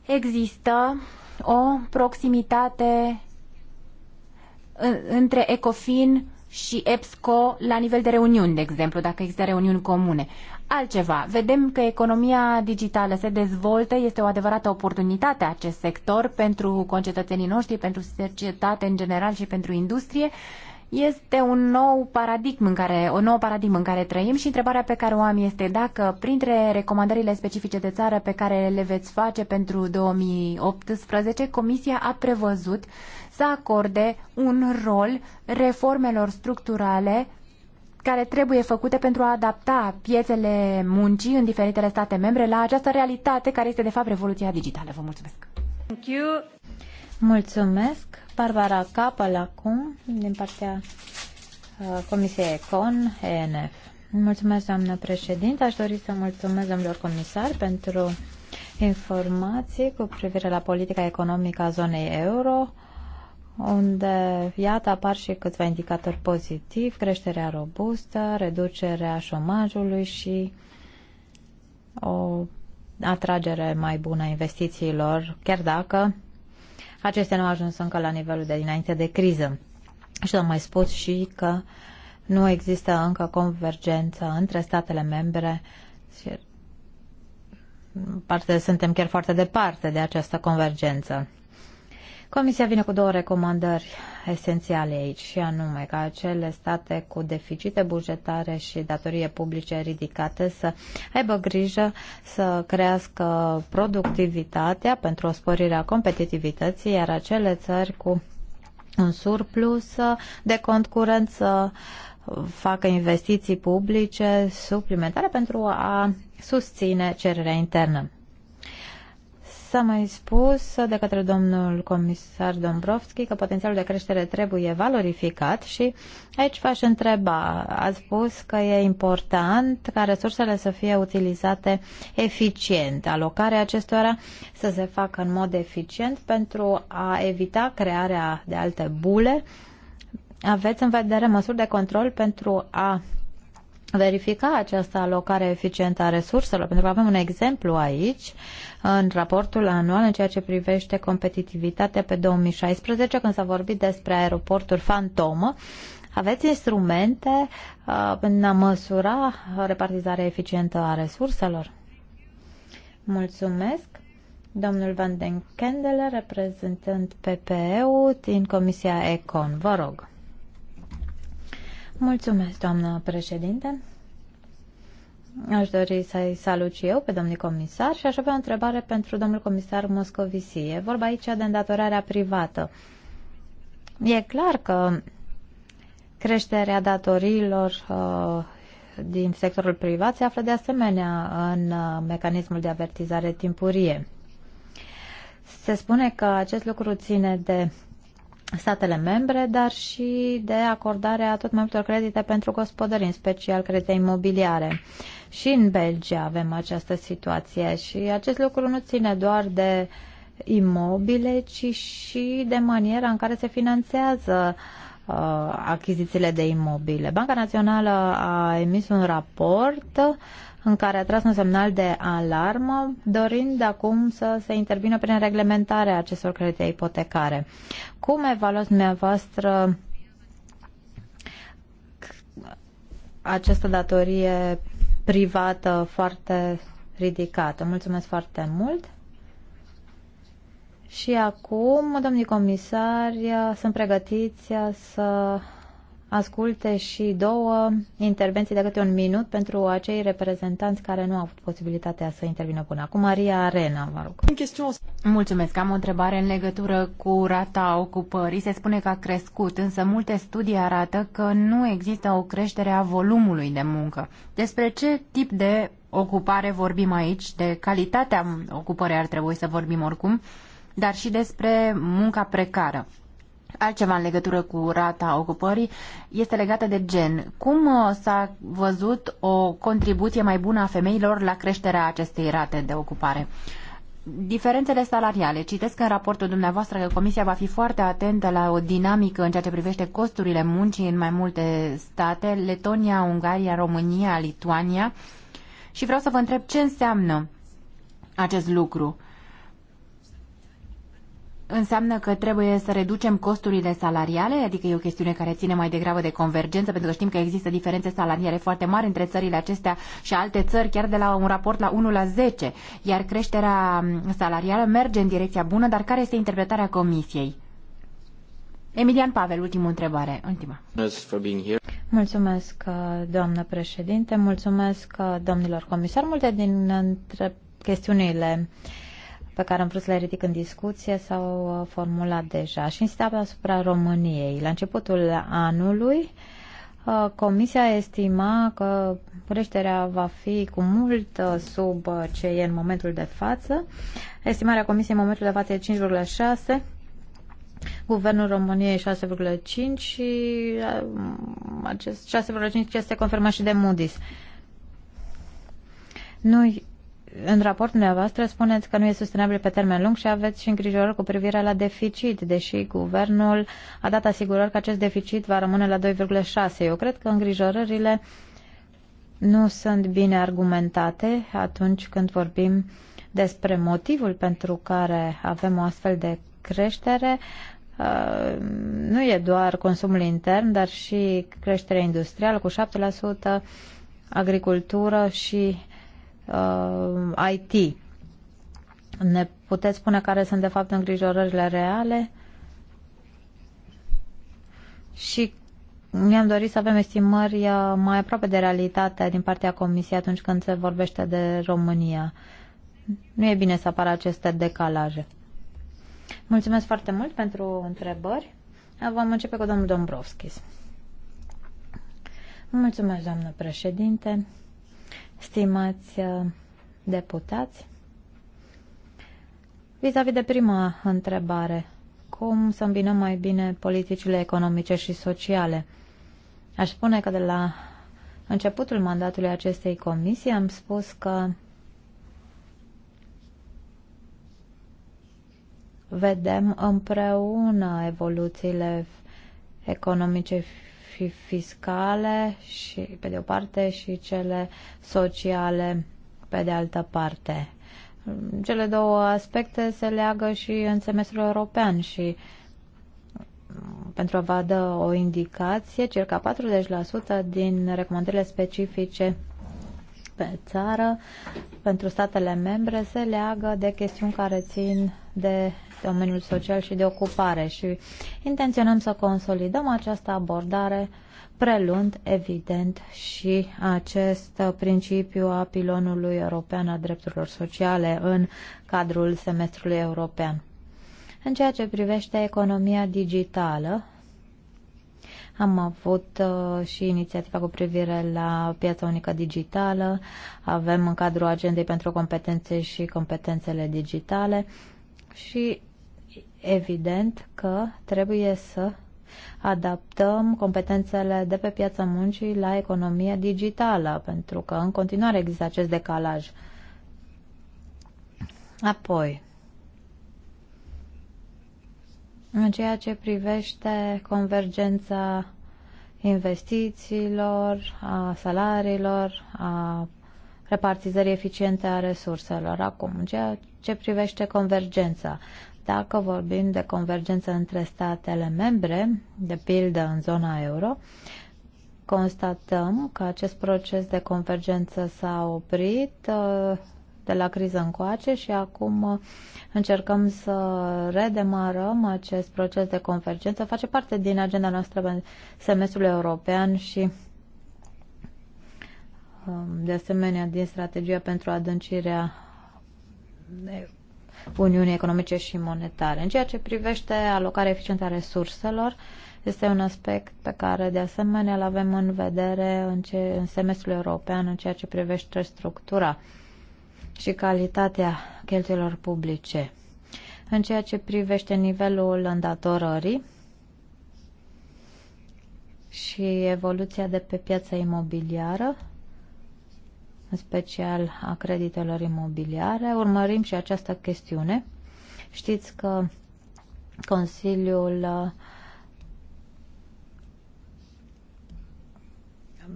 există o proximitate între ECOFIN și EPSCO la nivel de reuniuni, de exemplu, dacă există reuniuni comune. Altceva, vedem că economia digitală se dezvoltă, este o adevărată oportunitate acest sector pentru concetățenii noștri, pentru societate în general și pentru industrie este un nou paradigm în care, o nouă paradigmă în care trăim și întrebarea pe care o am este dacă printre recomandările specifice de țară pe care le veți face pentru 2018, Comisia a prevăzut să acorde un rol reformelor structurale care trebuie făcute pentru a adapta piețele muncii în diferitele state membre la această realitate care este de fapt revoluția digitală. Vă mulțumesc! Thank you. Mulțumesc! Barbara Capăl acum, din partea uh, Comisiei Econ, ENF. Mulțumesc, doamnă președinte. Aș dori să mulțumesc domnilor comisar pentru informații cu privire la politica economică a zonei euro, unde, iată, apar și câțiva indicatori pozitivi, creșterea robustă, reducerea șomajului și o atragere mai bună a investițiilor, chiar dacă acestea nu au ajuns încă la nivelul de dinainte de criză. Și am mai spus și că nu există încă convergență între statele membre și parte, suntem chiar foarte departe de această convergență. Comisia vine cu două recomandări esențiale aici, și anume ca acele state cu deficite bugetare și datorie publice ridicate să aibă grijă să crească productivitatea pentru o sporire a competitivității, iar acele țări cu un surplus de cont curent să facă investiții publice suplimentare pentru a susține cererea internă. S-a mai spus de către domnul comisar Dombrovski că potențialul de creștere trebuie valorificat și aici v-aș întreba, a spus că e important ca resursele să fie utilizate eficient, alocarea acestora să se facă în mod eficient pentru a evita crearea de alte bule. Aveți în vedere măsuri de control pentru a verifica această alocare eficientă a resurselor, pentru că avem un exemplu aici în raportul anual în ceea ce privește competitivitatea pe 2016, când s-a vorbit despre aeroporturi fantomă, aveți instrumente uh, în a măsura repartizarea eficientă a resurselor? Mulțumesc. Domnul Van den Kendele, reprezentant PPE-ul din Comisia Econ, vă rog. Mulțumesc, doamnă președinte. Aș dori să-i salut și eu pe domnul comisar și aș avea o întrebare pentru domnul comisar Moscovici. E vorba aici de îndatorarea privată. E clar că creșterea datoriilor uh, din sectorul privat se află de asemenea în uh, mecanismul de avertizare timpurie. Se spune că acest lucru ține de statele membre, dar și de acordarea tot mai multor credite pentru gospodării, în special credite imobiliare. Și în Belgia avem această situație și acest lucru nu ține doar de imobile, ci și de maniera în care se finanțează uh, Uh, achizițiile de imobile. Banca Națională a emis un raport în care a tras un semnal de alarmă, dorind acum să se intervină prin reglementarea acestor credite ipotecare. Cum evaluați dumneavoastră această datorie privată foarte ridicată? Mulțumesc foarte mult! Și acum, domnii comisari, sunt pregătiți să asculte și două intervenții de câte un minut pentru acei reprezentanți care nu au avut posibilitatea să intervină până acum. Maria Arena, vă rog. Mulțumesc. Am o întrebare în legătură cu rata ocupării. Se spune că a crescut, însă multe studii arată că nu există o creștere a volumului de muncă. Despre ce tip de ocupare vorbim aici? De calitatea ocupării ar trebui să vorbim oricum dar și despre munca precară. Altceva în legătură cu rata ocupării este legată de gen. Cum uh, s-a văzut o contribuție mai bună a femeilor la creșterea acestei rate de ocupare? Diferențele salariale. Citesc în raportul dumneavoastră că Comisia va fi foarte atentă la o dinamică în ceea ce privește costurile muncii în mai multe state, Letonia, Ungaria, România, Lituania. Și vreau să vă întreb ce înseamnă acest lucru înseamnă că trebuie să reducem costurile salariale, adică e o chestiune care ține mai degrabă de convergență, pentru că știm că există diferențe salariale foarte mari între țările acestea și alte țări, chiar de la un raport la 1 la 10, iar creșterea salarială merge în direcția bună, dar care este interpretarea Comisiei? Emilian Pavel, ultimă întrebare. Ultima. Mulțumesc, doamnă președinte, mulțumesc, domnilor comisari, Multe din între chestiunile uh, pe care am vrut să le ridic în discuție s-au uh, formulat deja și insistam asupra României. La începutul anului, uh, Comisia estima că creșterea va fi cu mult uh, sub ce e în momentul de față. Estimarea Comisiei în momentul de față e 5,6%. Guvernul României 6,5 și acest 6,5 este confirmat și de Moody's. Noi în raportul dumneavoastră spuneți că nu e sustenabil pe termen lung și aveți și îngrijorări cu privire la deficit, deși guvernul a dat asigurări că acest deficit va rămâne la 2,6. Eu cred că îngrijorările nu sunt bine argumentate atunci când vorbim despre motivul pentru care avem o astfel de creștere. Uh, nu e doar consumul intern, dar și creșterea industrială cu 7%, agricultură și uh, IT. Ne puteți spune care sunt de fapt îngrijorările reale? Și mi-am dorit să avem estimări uh, mai aproape de realitate din partea Comisiei atunci când se vorbește de România. Nu e bine să apară aceste decalaje. Mulțumesc foarte mult pentru întrebări. Vom începe cu domnul Dombrovskis. Mulțumesc, doamnă președinte stimați uh, deputați, vis-a-vis de prima întrebare, cum să îmbinăm mai bine politicile economice și sociale? Aș spune că de la începutul mandatului acestei comisii am spus că vedem împreună evoluțiile economice fi fiscale și pe de o parte și cele sociale pe de altă parte. Cele două aspecte se leagă și în semestrul european și mm, pentru a vă da o indicație, circa 40% din recomandările specifice pe țară pentru statele membre se leagă de chestiuni care țin de domeniul social și de ocupare și intenționăm să consolidăm această abordare prelund, evident, și acest principiu a pilonului european a drepturilor sociale în cadrul semestrului european. În ceea ce privește economia digitală, am avut uh, și inițiativa cu privire la piața unică digitală, avem în cadrul agendei pentru competențe și competențele digitale, și evident că trebuie să adaptăm competențele de pe piața muncii la economia digitală, pentru că în continuare există acest decalaj. Apoi, în ceea ce privește convergența investițiilor, a salariilor, a repartizării eficiente a resurselor. Acum, în ceea ce privește convergența, dacă vorbim de convergență între statele membre, de pildă în zona euro, constatăm că acest proces de convergență s-a oprit uh, de la criză încoace și acum uh, încercăm să redemarăm acest proces de convergență. Face parte din agenda noastră semestrul european și Um, de asemenea din strategia pentru adâncirea Uniunii Economice și Monetare. În ceea ce privește alocarea eficientă a resurselor, este un aspect pe care de asemenea îl avem în vedere în, ce, în semestrul european în ceea ce privește structura și calitatea cheltuielor publice. În ceea ce privește nivelul îndatorării și evoluția de pe piața imobiliară, în special a creditelor imobiliare. Urmărim și această chestiune. Știți că Consiliul uh,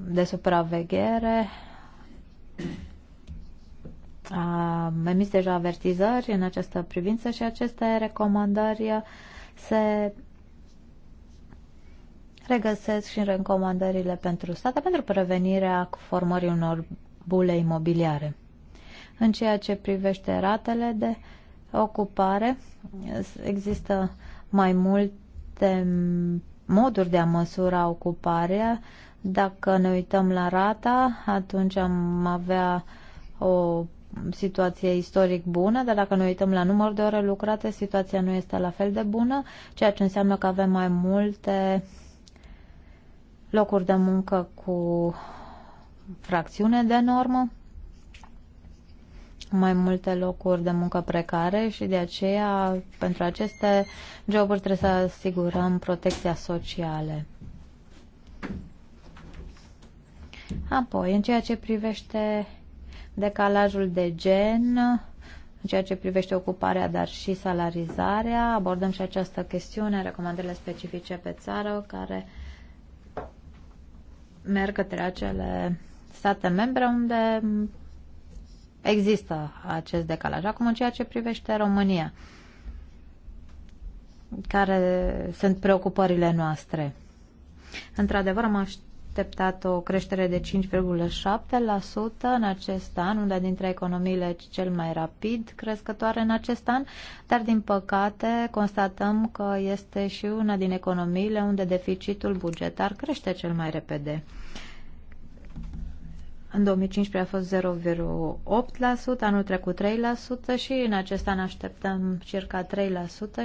de supraveghere a emis deja avertizări în această privință și aceste recomandări se regăsesc și în recomandările pentru state pentru prevenirea formării unor bule imobiliare. În ceea ce privește ratele de ocupare, există mai multe moduri de a măsura ocuparea. Dacă ne uităm la rata, atunci am avea o situație istoric bună, dar dacă ne uităm la număr de ore lucrate, situația nu este la fel de bună, ceea ce înseamnă că avem mai multe locuri de muncă cu fracțiune de normă, mai multe locuri de muncă precare și de aceea pentru aceste joburi trebuie să asigurăm protecția socială. Apoi, în ceea ce privește decalajul de gen, în ceea ce privește ocuparea, dar și salarizarea, abordăm și această chestiune, recomandările specifice pe țară, care merg către acele state membre unde există acest decalaj. Acum, în ceea ce privește România, care sunt preocupările noastre? Într-adevăr, am așteptat o creștere de 5,7% în acest an, una dintre economiile cel mai rapid crescătoare în acest an, dar din păcate constatăm că este și una din economiile unde deficitul bugetar crește cel mai repede. În 2015 a fost 0,8%, anul trecut 3% și în acest an așteptăm circa 3%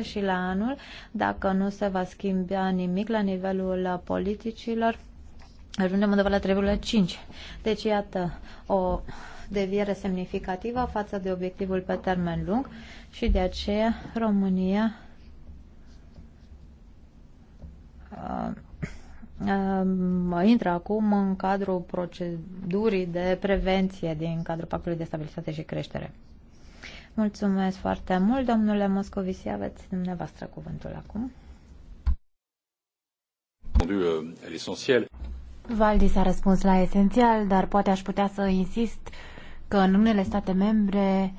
și la anul, dacă nu se va schimba nimic la nivelul politicilor, ajungem undeva la 3,5%. Deci, iată, o deviere semnificativă față de obiectivul pe termen lung și de aceea România uh, intră acum în cadrul procedurii de prevenție din cadrul Pactului de Stabilitate și Creștere. Mulțumesc foarte mult, domnule Moscovici, aveți dumneavoastră cuvântul acum. Uh, Valdis a răspuns la esențial, dar poate aș putea să insist că în unele state membre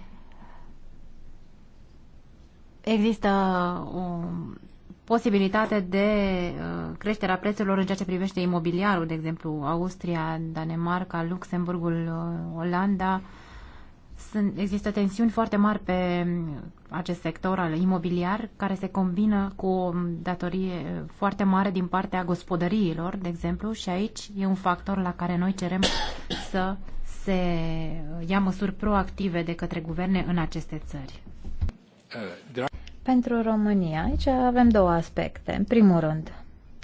există o posibilitate de uh, creșterea prețurilor în ceea ce privește imobiliarul, de exemplu, Austria, Danemarca, Luxemburgul, uh, Olanda. Sunt, există tensiuni foarte mari pe uh, acest sector al imobiliar care se combină cu o datorie foarte mare din partea gospodăriilor, de exemplu, și aici e un factor la care noi cerem să se ia măsuri proactive de către guverne în aceste țări pentru România. Aici avem două aspecte. În primul rând,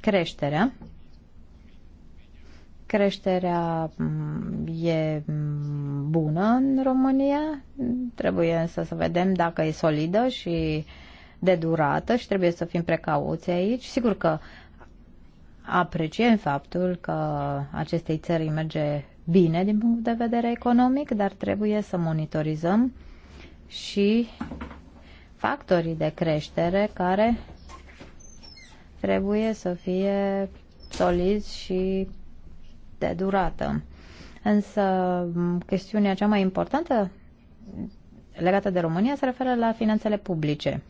creșterea. Creșterea mm, e mm, bună în România, trebuie însă să vedem dacă e solidă și de durată și trebuie să fim precauți aici. Sigur că apreciem faptul că acestei țări merge bine din punct de vedere economic, dar trebuie să monitorizăm și factorii de creștere care trebuie să fie solizi și de durată. Însă chestiunea cea mai importantă legată de România se referă la finanțele publice.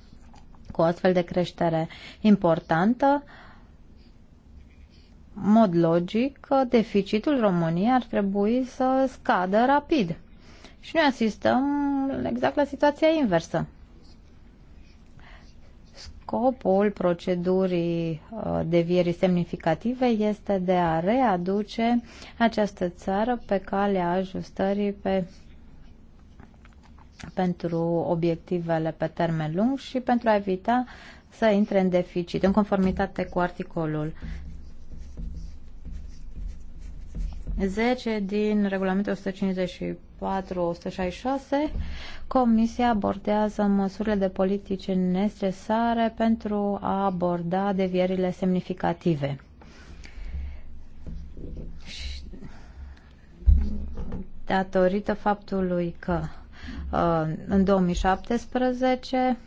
Cu o astfel de creștere importantă, mod logic, deficitul României ar trebui să scadă rapid. Și noi asistăm exact la situația inversă. Scopul procedurii uh, de vieri semnificative este de a readuce această țară pe calea ajustării pe pentru obiectivele pe termen lung și pentru a evita să intre în deficit, în conformitate cu articolul 10 din regulamentul 154 466, Comisia abordează măsurile de politice necesare pentru a aborda devierile semnificative. datorită faptului că uh, în 2017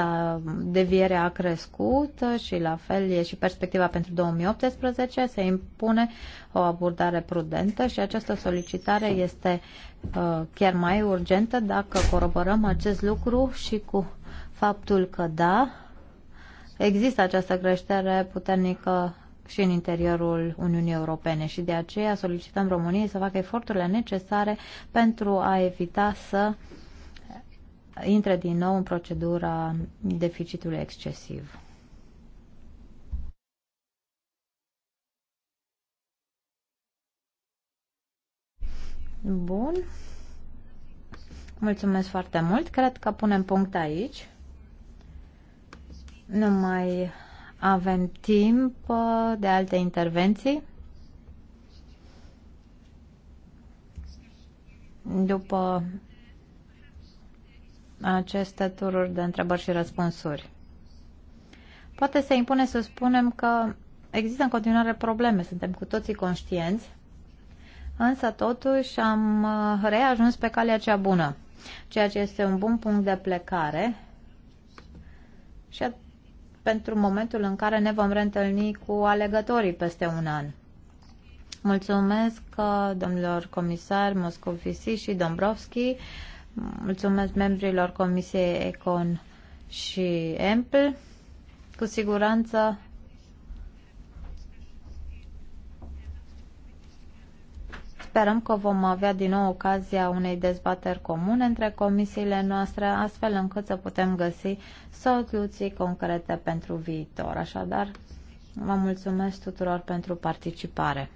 rata deviere a crescut și la fel e și perspectiva pentru 2018. Se impune o abordare prudentă și această solicitare este uh, chiar mai urgentă dacă coroborăm acest lucru și cu faptul că da, există această creștere puternică și în interiorul Uniunii Europene și de aceea solicităm României să facă eforturile necesare pentru a evita să uh, intră din nou în procedura deficitului excesiv. Bun. Mulțumesc foarte mult. Cred că punem punct aici. Nu mai avem timp uh, de alte intervenții. După aceste tururi de întrebări și răspunsuri. Poate se impune să spunem că există în continuare probleme, suntem cu toții conștienți, însă totuși am uh, reajuns pe calea cea bună, ceea ce este un bun punct de plecare și pentru momentul în care ne vom reîntâlni cu alegătorii peste un an. Mulțumesc uh, domnilor comisari Moscovici și Dombrovski Mulțumesc membrilor Comisiei Econ și EMPL. Cu siguranță sperăm că vom avea din nou ocazia unei dezbateri comune între comisiile noastre, astfel încât să putem găsi soluții concrete pentru viitor. Așadar, vă mulțumesc tuturor pentru participare.